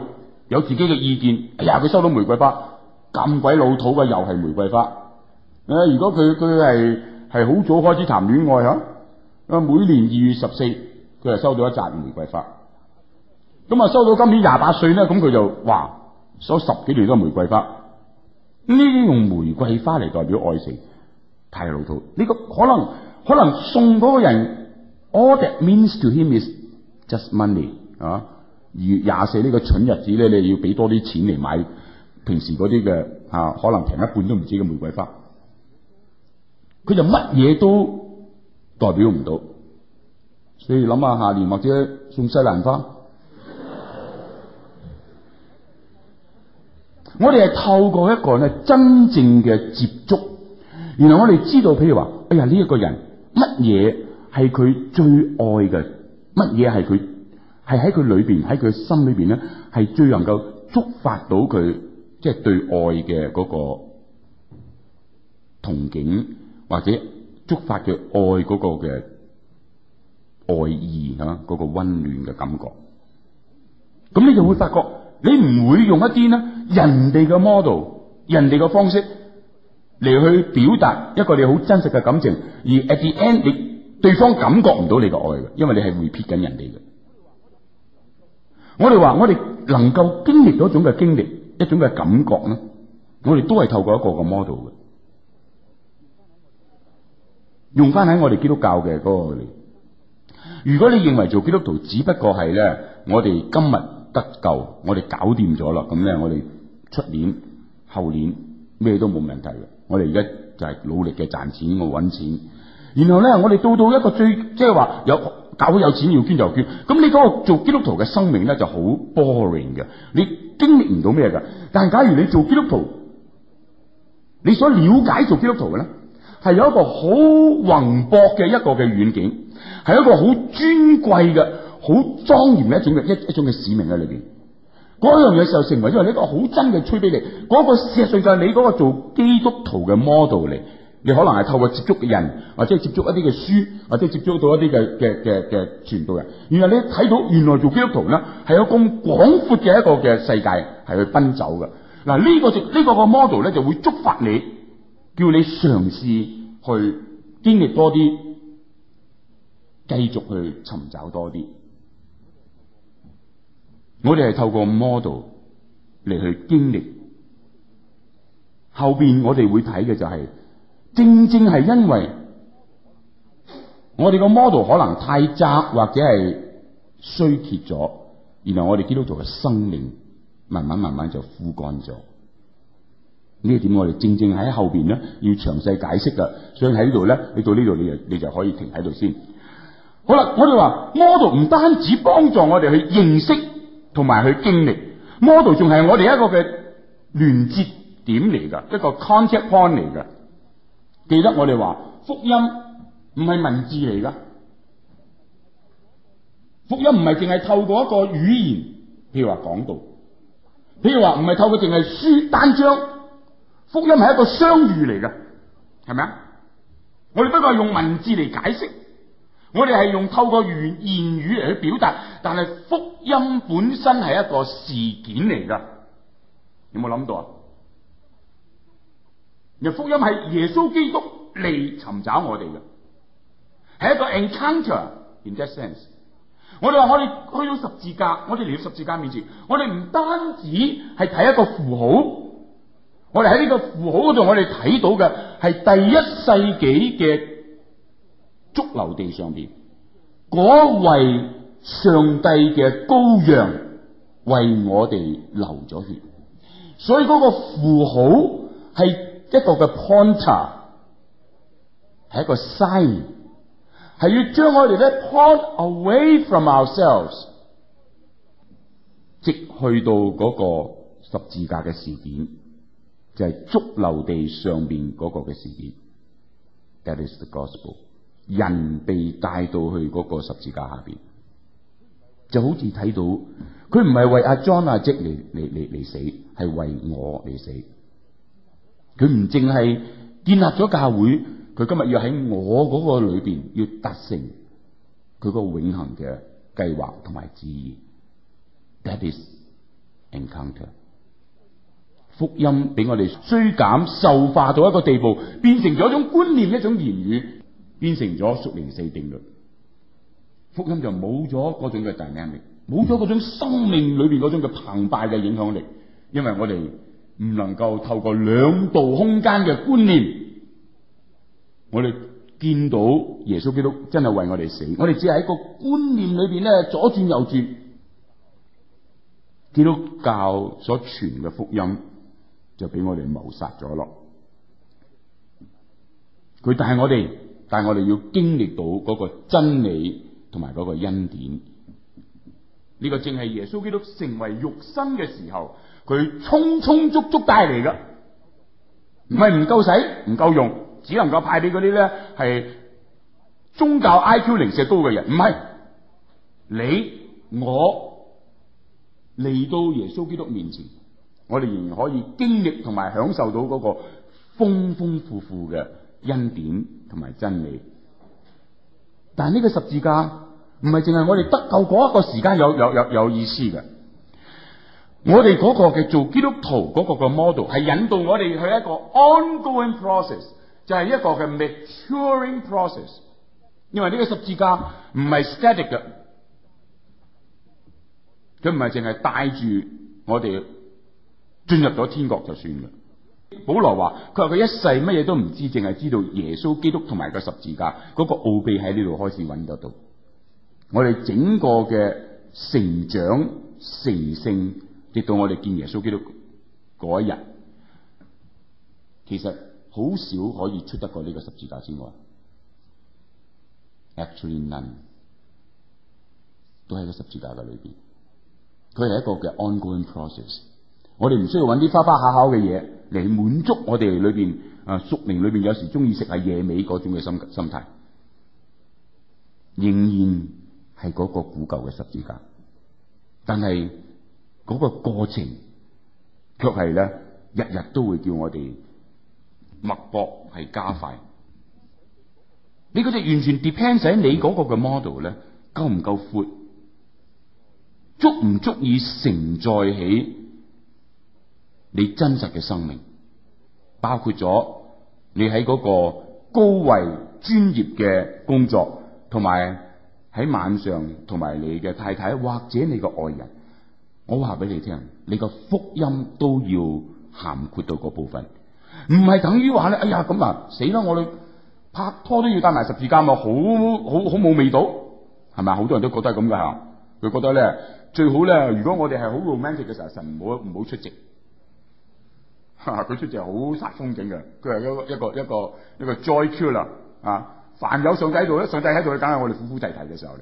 有自己嘅意見。哎呀，佢收到玫瑰花咁鬼老土嘅，又係玫瑰花。誒、啊，如果佢佢係係好早開始談戀愛嗬，咁、啊、每年二月十四，佢就收到一紮玫瑰花。咁啊，收到今年廿八歲咧，咁佢就哇所十幾年都係玫瑰花。呢啲用玫瑰花嚟代表愛情太老土，呢、呢個可能。可能送嗰個人，all that means to him is just money。啊，二月廿四呢個蠢日子咧，你要俾多啲錢嚟買平時嗰啲嘅吓，可能平一半都唔止嘅玫瑰花。佢就乜嘢都代表唔到，所以諗下下年或者送西蘭花。 我哋係透過一個咧真正嘅接觸，原來我哋知道，譬如話，哎呀呢一，這個人。乜嘢係佢最愛嘅？乜嘢係佢係喺佢裏邊喺佢心裏邊咧？係最能夠觸發到佢即係對愛嘅，嗰個憧憬或者觸發佢愛嘅，嗰個嘅愛意啊，嗰個溫暖嘅感覺。咁你就會發覺，你唔會用一啲咧人哋嘅 model，人哋嘅方式。嚟去表達一個你好真實嘅感情，而 at the end 你對方感覺唔到你嘅愛嘅，因為你係回避緊人哋嘅。我哋話我哋能夠經歷到一種嘅經歷，一種嘅感覺咧，我哋都係透過一個個 model 嘅，用翻喺我哋基督教嘅嗰個。如果你認為做基督徒只不過係咧，我哋今日得救，我哋搞掂咗啦，咁咧我哋出年後年咩都冇問題嘅。我哋而家就係努力嘅賺錢，我搵錢。然後咧，我哋到到一個最即係話有搞有錢要捐就捐。咁你嗰個做基督徒嘅生命咧就好 boring 嘅，你經歷唔到咩噶？但係假如你做基督徒，你所了解做基督徒嘅咧，係有一個好宏博嘅一個嘅遠景，係一個好尊貴嘅、好莊嚴嘅一種嘅一一種嘅使命喺裏面。嗰樣嘢就成為因為呢個好真嘅催逼力、那個、你。嗰個事實上就係你嗰個做基督徒嘅 model 嚟，你可能係透過接觸嘅人，或者接觸一啲嘅書，或者接觸到一啲嘅嘅嘅嘅傳道人，原來你睇到原來做基督徒咧係有咁廣闊嘅一個嘅世界係去奔走嘅，嗱、這個這個、呢個就呢個個 model 咧就會觸發你，叫你嘗試去經歷多啲，繼續去尋找多啲。我哋係透過 model 嚟去經歷後邊，我哋會睇嘅就係正正係因為我哋個 model 可能太窄或者係衰竭咗，然後我哋基督教嘅生命慢慢慢慢就枯乾咗呢一點。我哋正正喺後邊咧要詳細解釋噶，所以喺呢度咧，你到呢度你就你就可以停喺度先好啦。我哋話 model 唔單止幫助我哋去認識。同埋佢經歷 model 仲係我哋一個嘅連接點嚟㗎，一個 contact point 嚟㗎。記得我哋話福音唔係文字嚟㗎，福音唔係淨係透過一個語言譬如話講道，譬如話唔係透過淨係書單張，福音係一個相遇嚟㗎，係咪啊？我哋不過係用文字嚟解釋。我哋係用透過言言語嚟去表達，但係福音本身係一個事件嚟㗎。有冇諗到啊？而福音係耶穌基督嚟尋找我哋嘅，係一個 encounter，in that sense。我哋話我哋去到十字架，我哋嚟到十字架面前，我哋唔單止係睇一個符號，我哋喺呢個符號嗰度，我哋睇到嘅係第一世紀嘅。足流地上邊，嗰位上帝嘅羔羊為我哋流咗血，所以嗰個符號係一個嘅 pointer，係一個 sign，係要將我哋咧 point away from ourselves，即去到嗰個十字架嘅事件，就係足流地上邊個嘅事件。That is the gospel. 人被帶到去嗰個十字架下邊，就好似睇到佢唔係為阿莊阿積嚟嚟嚟嚟死，係為我嚟死。佢唔淨係建立咗教會，佢今日要喺我嗰個裏邊要達成佢個永恆嘅計劃同埋旨意。That is encounter 福音俾我哋衰減、受化到一個地步，變成咗一種觀念、一種言語。變成咗屬靈四定律，福音就冇咗嗰種嘅大壓力，冇咗嗰種生命裏邊嗰種嘅澎湃嘅影響力，因為我哋唔能夠透過兩度空間嘅觀念，我哋見到耶穌基督真係為我哋死，我哋只係喺個觀念裏邊咧左轉右轉，基督教所傳嘅福音就俾我哋謀殺咗咯，佢帶係我哋。但係我哋要經歷到嗰個真理同埋嗰個恩典，呢個正係耶穌基督成為肉身嘅時候，佢充充足足帶嚟噶，唔係唔夠使唔夠用，只能夠派俾嗰啲咧係宗教 IQ 零舍高嘅人，唔係你我嚟到耶穌基督面前，我哋仍然可以經歷同埋享受到嗰個豐豐富富嘅。恩典同埋真理，但係呢個十字架唔係淨係我哋得救嗰一個時間有有有有意思嘅，我哋個嘅做基督徒嗰個嘅 model 係引導我哋去一個 ongoing process，就係一個嘅 maturing process，因為呢個十字架唔係 static 嘅，佢唔係淨係帶住我哋進入咗天國就算嘅。保羅話，佢話佢一世乜嘢都唔知，淨係知道耶穌基督同埋個十字架嗰個奧秘喺呢度開始搵得到。我哋整個嘅成長、成聖，直到我哋見耶穌基督嗰一日，其實好少可以出得過呢個十字架之外。Actually none，都喺個十字架嘅裏邊。佢係一個嘅 ongoing process。我哋唔需要揾啲花花巧巧嘅嘢嚟滿足我哋裏邊啊宿命裏邊有時中意食下野味嗰種嘅心心態，仍然係嗰個古舊嘅十字架，但係嗰個過程卻係咧，日日都會叫我哋脈搏係加快。你嗰隻完全 depends 喺你嗰個嘅 model 咧，夠唔夠闊？足唔足以承載起？你真實嘅生命包括咗你喺嗰個高位專業嘅工作，同埋喺晚上，同埋你嘅太太或者你個愛人，我話俾你聽，你個福音都要涵括到嗰部分，唔係等於話咧。哎呀，咁啊死啦！我哋拍拖都要戴埋十字架嘛，好好好冇味道係咪？好多人都覺得係咁噶，佢覺得咧最好咧，如果我哋係好 romantic 嘅時候，神唔好唔好出席。佢、啊、出就係好殺風景嘅，佢係一個一個一個一個 joy killer 啊！凡有上帝喺度咧，上帝喺度咧，等下我哋苦苦提提嘅時候嚟。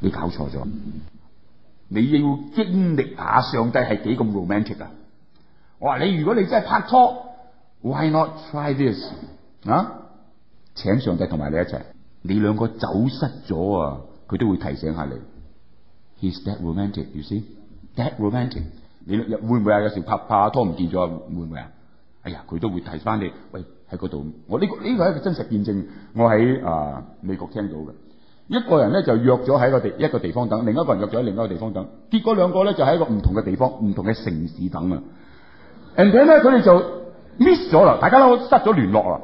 你搞錯咗、嗯，你要經歷下上帝係幾咁 romantic 啊！我話你，如果你真係拍拖，why not try this 啊？請上帝同埋你一齊，你兩個走失咗啊，佢都會提醒下你。He's that romantic, you see that romantic. 你會唔會啊？有時候拍拍拖唔見咗，會唔會啊？哎呀，佢都會提翻你。喂，喺嗰度，我呢、呢個呢、呢個係一個真實見證。我喺啊、呃、美國聽到嘅一個人咧就約咗喺一個地一個地方等，另一個人約咗喺另一個地方等。結果兩個咧就喺一個唔同嘅地方、唔同嘅城市等啊。And then 咧，佢哋就 miss 咗啦，大家都失咗聯絡啦。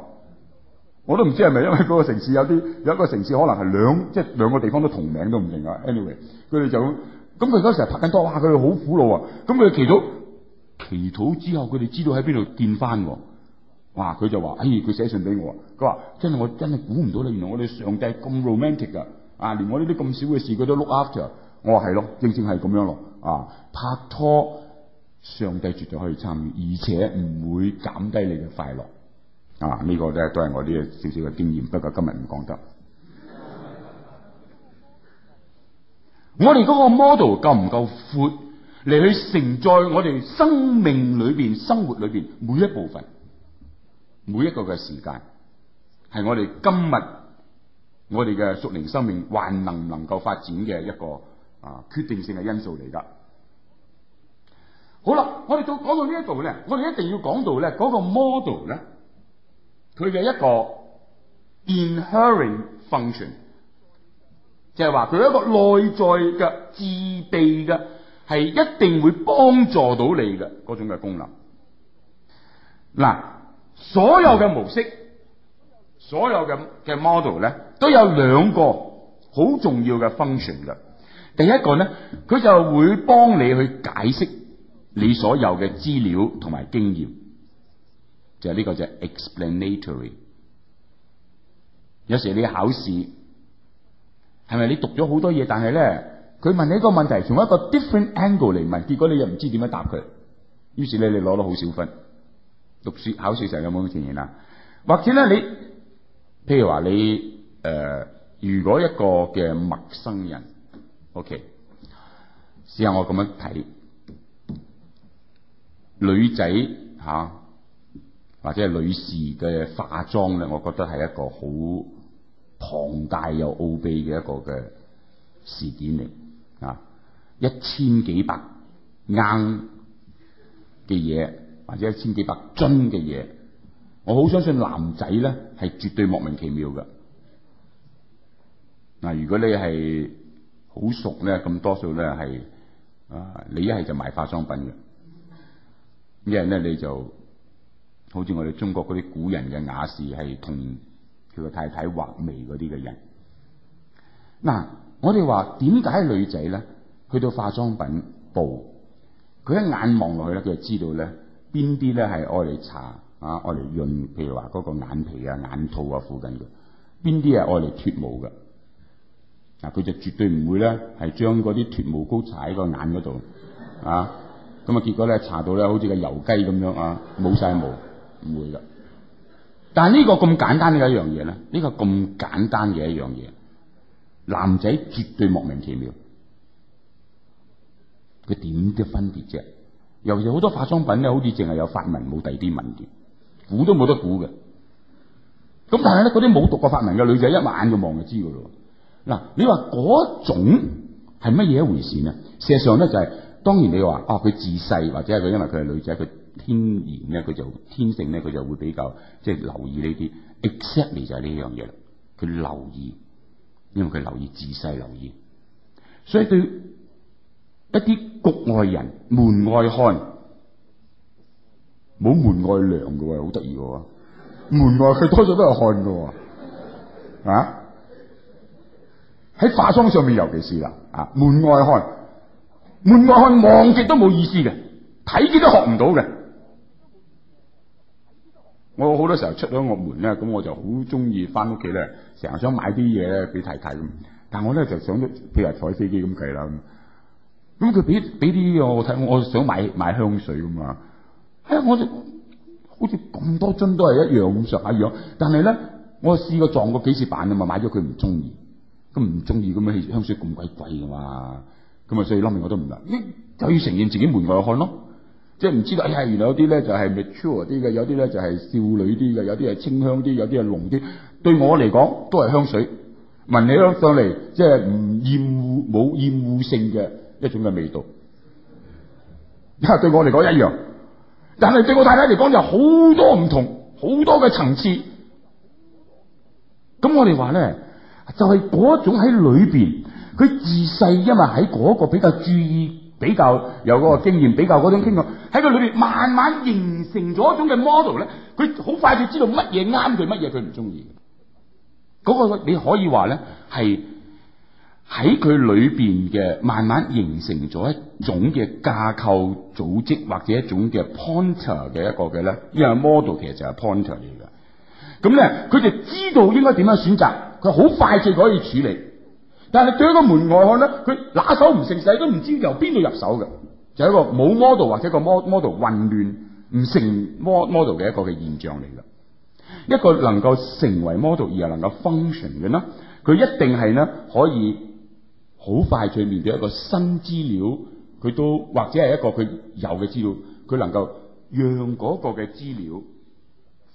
我都唔知係咪因為嗰個城市有啲有一個城市可能係兩即係兩個地方都同名都唔定啊。Anyway，佢哋就。咁佢嗰時係拍緊拖，哇！佢哋好苦惱啊。咁佢祈禱祈禱之後，佢哋知道喺邊度見翻。哇！佢就話：哎，佢寫信俾我。佢話：真係我真係估唔到你，原來我哋上帝咁 romantic 噶。啊，連我呢啲咁少嘅事，佢都 look after 我。我話係咯，正正係咁樣咯。啊，拍拖上帝絕對可以參與，而且唔會減低你嘅快樂。啊，呢、呢個咧都係我啲少少嘅經驗，不過今日唔講得。我哋個 model 夠唔夠闊嚟，去承載我哋生命裏邊、生活裏邊每一部分、每一個嘅時間，係我哋今日我哋嘅屬靈生命還能唔能夠發展嘅一個啊決定性嘅因素嚟噶。好啦，我哋到講到呢一度咧，我哋一定要講到咧個 model 咧，佢嘅一個 inherent function。就係話佢一個內在嘅自備嘅係一定會幫助到你嘅嗰種嘅功能。嗱，所有嘅模式，的所有嘅嘅 model 咧，都有兩個好重要嘅 function 嘅。第一個咧，佢就會幫你去解釋你所有嘅資料同埋經驗。就係、是、呢個就係 explanatory。有時你考試。係咪你讀咗好多嘢？但係咧，佢問你一個問題，從一個 different angle 嚟問，結果你又唔知點樣答佢。於是咧，你攞到好少分。讀書考試時候有冇咁嘅情形啊，或者咧你，譬如話你誒、呃，如果一個嘅陌生人，OK，試下我咁樣睇女仔吓、啊，或者係女士嘅化妝咧，我覺得係一個好。龐大又奧秘嘅一個嘅事件嚟啊！一千幾百硬嘅嘢，或者一千幾百樽嘅嘢，我好相信男仔咧係絕對莫名其妙嘅。嗱，如果你係好熟咧，咁多數咧係啊，你一係就賣化妝品嘅，一係咧你就好似我哋中國嗰啲古人嘅雅士係同。佢個太太畫眉嗰啲嘅人，嗱、啊、我哋話點解女仔咧去到化妝品部，佢一眼望落去咧，佢就知道咧邊啲咧係愛嚟搽啊，愛嚟潤，譬如話嗰個眼皮啊、眼套啊附近嘅，邊啲係愛嚟脱毛㗎。嗱、啊、佢就絕對唔會咧係將嗰啲脱毛膏搽喺個眼嗰度啊，咁啊結果咧搽到咧好似個油雞咁樣啊，冇晒毛，唔會㗎。但係呢個咁簡單嘅一樣嘢咧，呢個咁簡單嘅一樣嘢，男仔絕對莫名其妙。佢點嘅分別啫？尤其好多化妝品咧，好似淨係有法文冇第二啲文件，估都冇得估嘅。咁但係咧，嗰啲冇讀過法文嘅女仔一望就望就知噶咯。嗱，你話嗰種係乜嘢一回事咧？事實上咧就係，當然你話，啊佢自細或者係佢因為佢係女仔佢。天然咧，佢就天性咧，佢就會比較即係、就是、留意呢啲 exactly 就係呢樣嘢啦。佢留意，因為佢留意自細留意，所以對一啲局外人、門外漢冇門外娘嘅，好得意嘅。 門外佢多數都係漢嘅、啊，啊？喺化妝上面尤其是啦，啊？門外漢，門外漢望極都冇意思嘅，睇見都學唔到嘅。我好多時候出咗我門咧，咁我就好中意返屋企咧，成日想買啲嘢俾太太咁。但係我咧就想都，譬如坐飛機咁計啦。咁佢俾俾啲我睇，我想買，買香水咁嘛？係呀，我就好似咁多樽都係一樣咁上下樣，但係咧我試過撞過幾次板啊嘛，買咗佢唔中意，咁唔中意咁樣香水咁鬼貴嘅嘛，咁啊所以諗面我都唔買。就要承認自己門外看咯。即係唔知道，哎，原來有啲咧就係、是、mature 啲嘅，有啲咧就係、是、少女啲嘅，有啲係清香啲，有啲係濃啲。對我嚟講，都係香水聞起上嚟，即係唔厭惡，冇厭惡性嘅一種嘅味道。啊， 對我嚟講一樣，但係對我太太嚟講有好多唔同，好多嘅層次。咁我哋話咧，就係嗰一種喺裏邊，佢自細因為喺嗰個比較注意。比較有嗰個經驗，比較嗰種傾向，喺佢裏邊慢慢形成咗一種嘅 model 咧，佢好快就知道乜嘢啱佢，乜嘢佢唔中意。嗰、那個你可以話咧，係喺佢裏邊嘅慢慢形成咗一種嘅架構組織或者一種嘅 pointer 嘅一個嘅咧，因為 model 其實就係 pointer 嚟嘅。咁咧，佢就知道應該點樣選擇，佢好快就可以處理。但係對一個門外漢，咧，佢拿手唔成世都唔知由邊度入手嘅，就係一個冇 model 或者一個模 model 混亂唔成 model 嘅一個嘅現象嚟啦。一個能夠成為 model 而又能夠 function 嘅呢，佢一定係咧可以好快脆面對一個新資料，佢都或者係一個佢有嘅資料，佢能夠讓嗰個嘅資料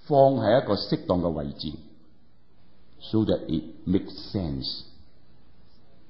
放喺一個適當嘅位置，so that it makes sense。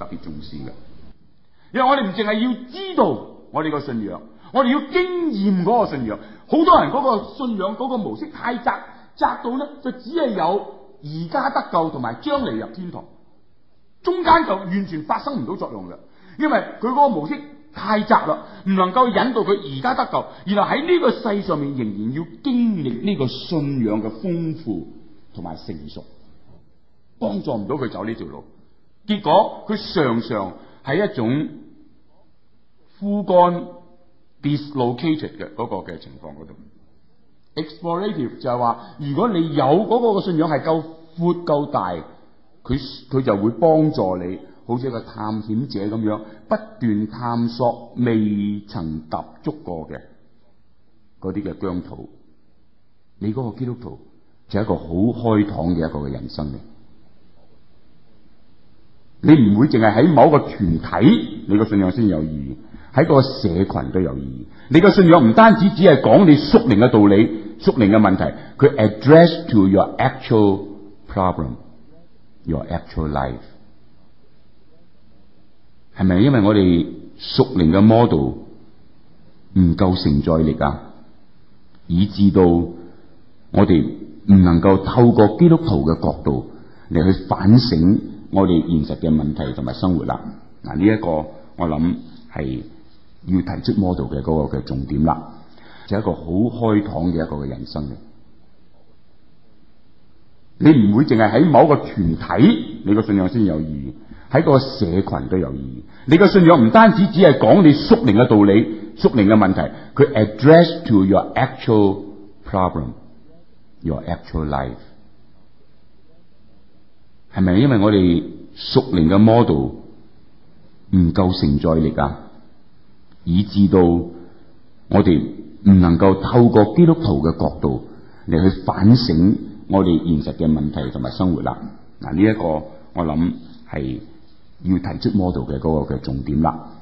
特別重視嘅，因為我哋唔淨係要知道我哋個信仰，我哋要經驗嗰個信仰。好多人嗰個信仰嗰個模式太窄，窄到咧就只係有而家得救同埋將來入天堂，中間就完全發生唔到作用啦。因為佢嗰個模式太窄啦，唔能夠引導佢而家得救，然後喺呢個世上面仍然要經歷呢個信仰嘅豐富同埋成熟，幫助唔到佢走呢條路。結果佢常常係一種枯乾 dislocated 嘅嗰個嘅情況度。Explorative 就係話，如果你有嗰個嘅信仰係夠闊夠大，佢佢就會幫助你，好似一個探險者咁樣，不斷探索未曾踏足過嘅啲嘅疆土。你嗰個基督徒就係一個好開敞嘅一個嘅人生嚟。你唔會淨係喺某個團體，你個信仰先有意義；喺個社群都有意義。你個信仰唔單止只係講你屬靈嘅道理、屬靈嘅問題，佢 address to your actual problem, your actual life。係咪因為我哋屬靈嘅 model 唔夠承載力啊？以致到我哋唔能夠透過基督徒嘅角度嚟去反省。我哋現實嘅問題同埋生活啦，嗱，呢一個我諗係要提出 model 嘅嗰個嘅重點啦，就係一個好開敞嘅一個嘅人生嘅，你唔會淨係喺某個團體，你個信仰先有意義，喺個社群都有意義。你個信仰唔單止只係講你屬靈嘅道理、屬靈嘅問題，佢 address to your actual problem, your actual life。係咪因為我哋熟齡嘅 model 唔夠承載力啊？以致到我哋唔能夠透過基督徒嘅角度嚟去反省我哋現實嘅問題同埋生活啦。嗱，呢一個我諗係要提出 model 嘅嗰個嘅重點啦。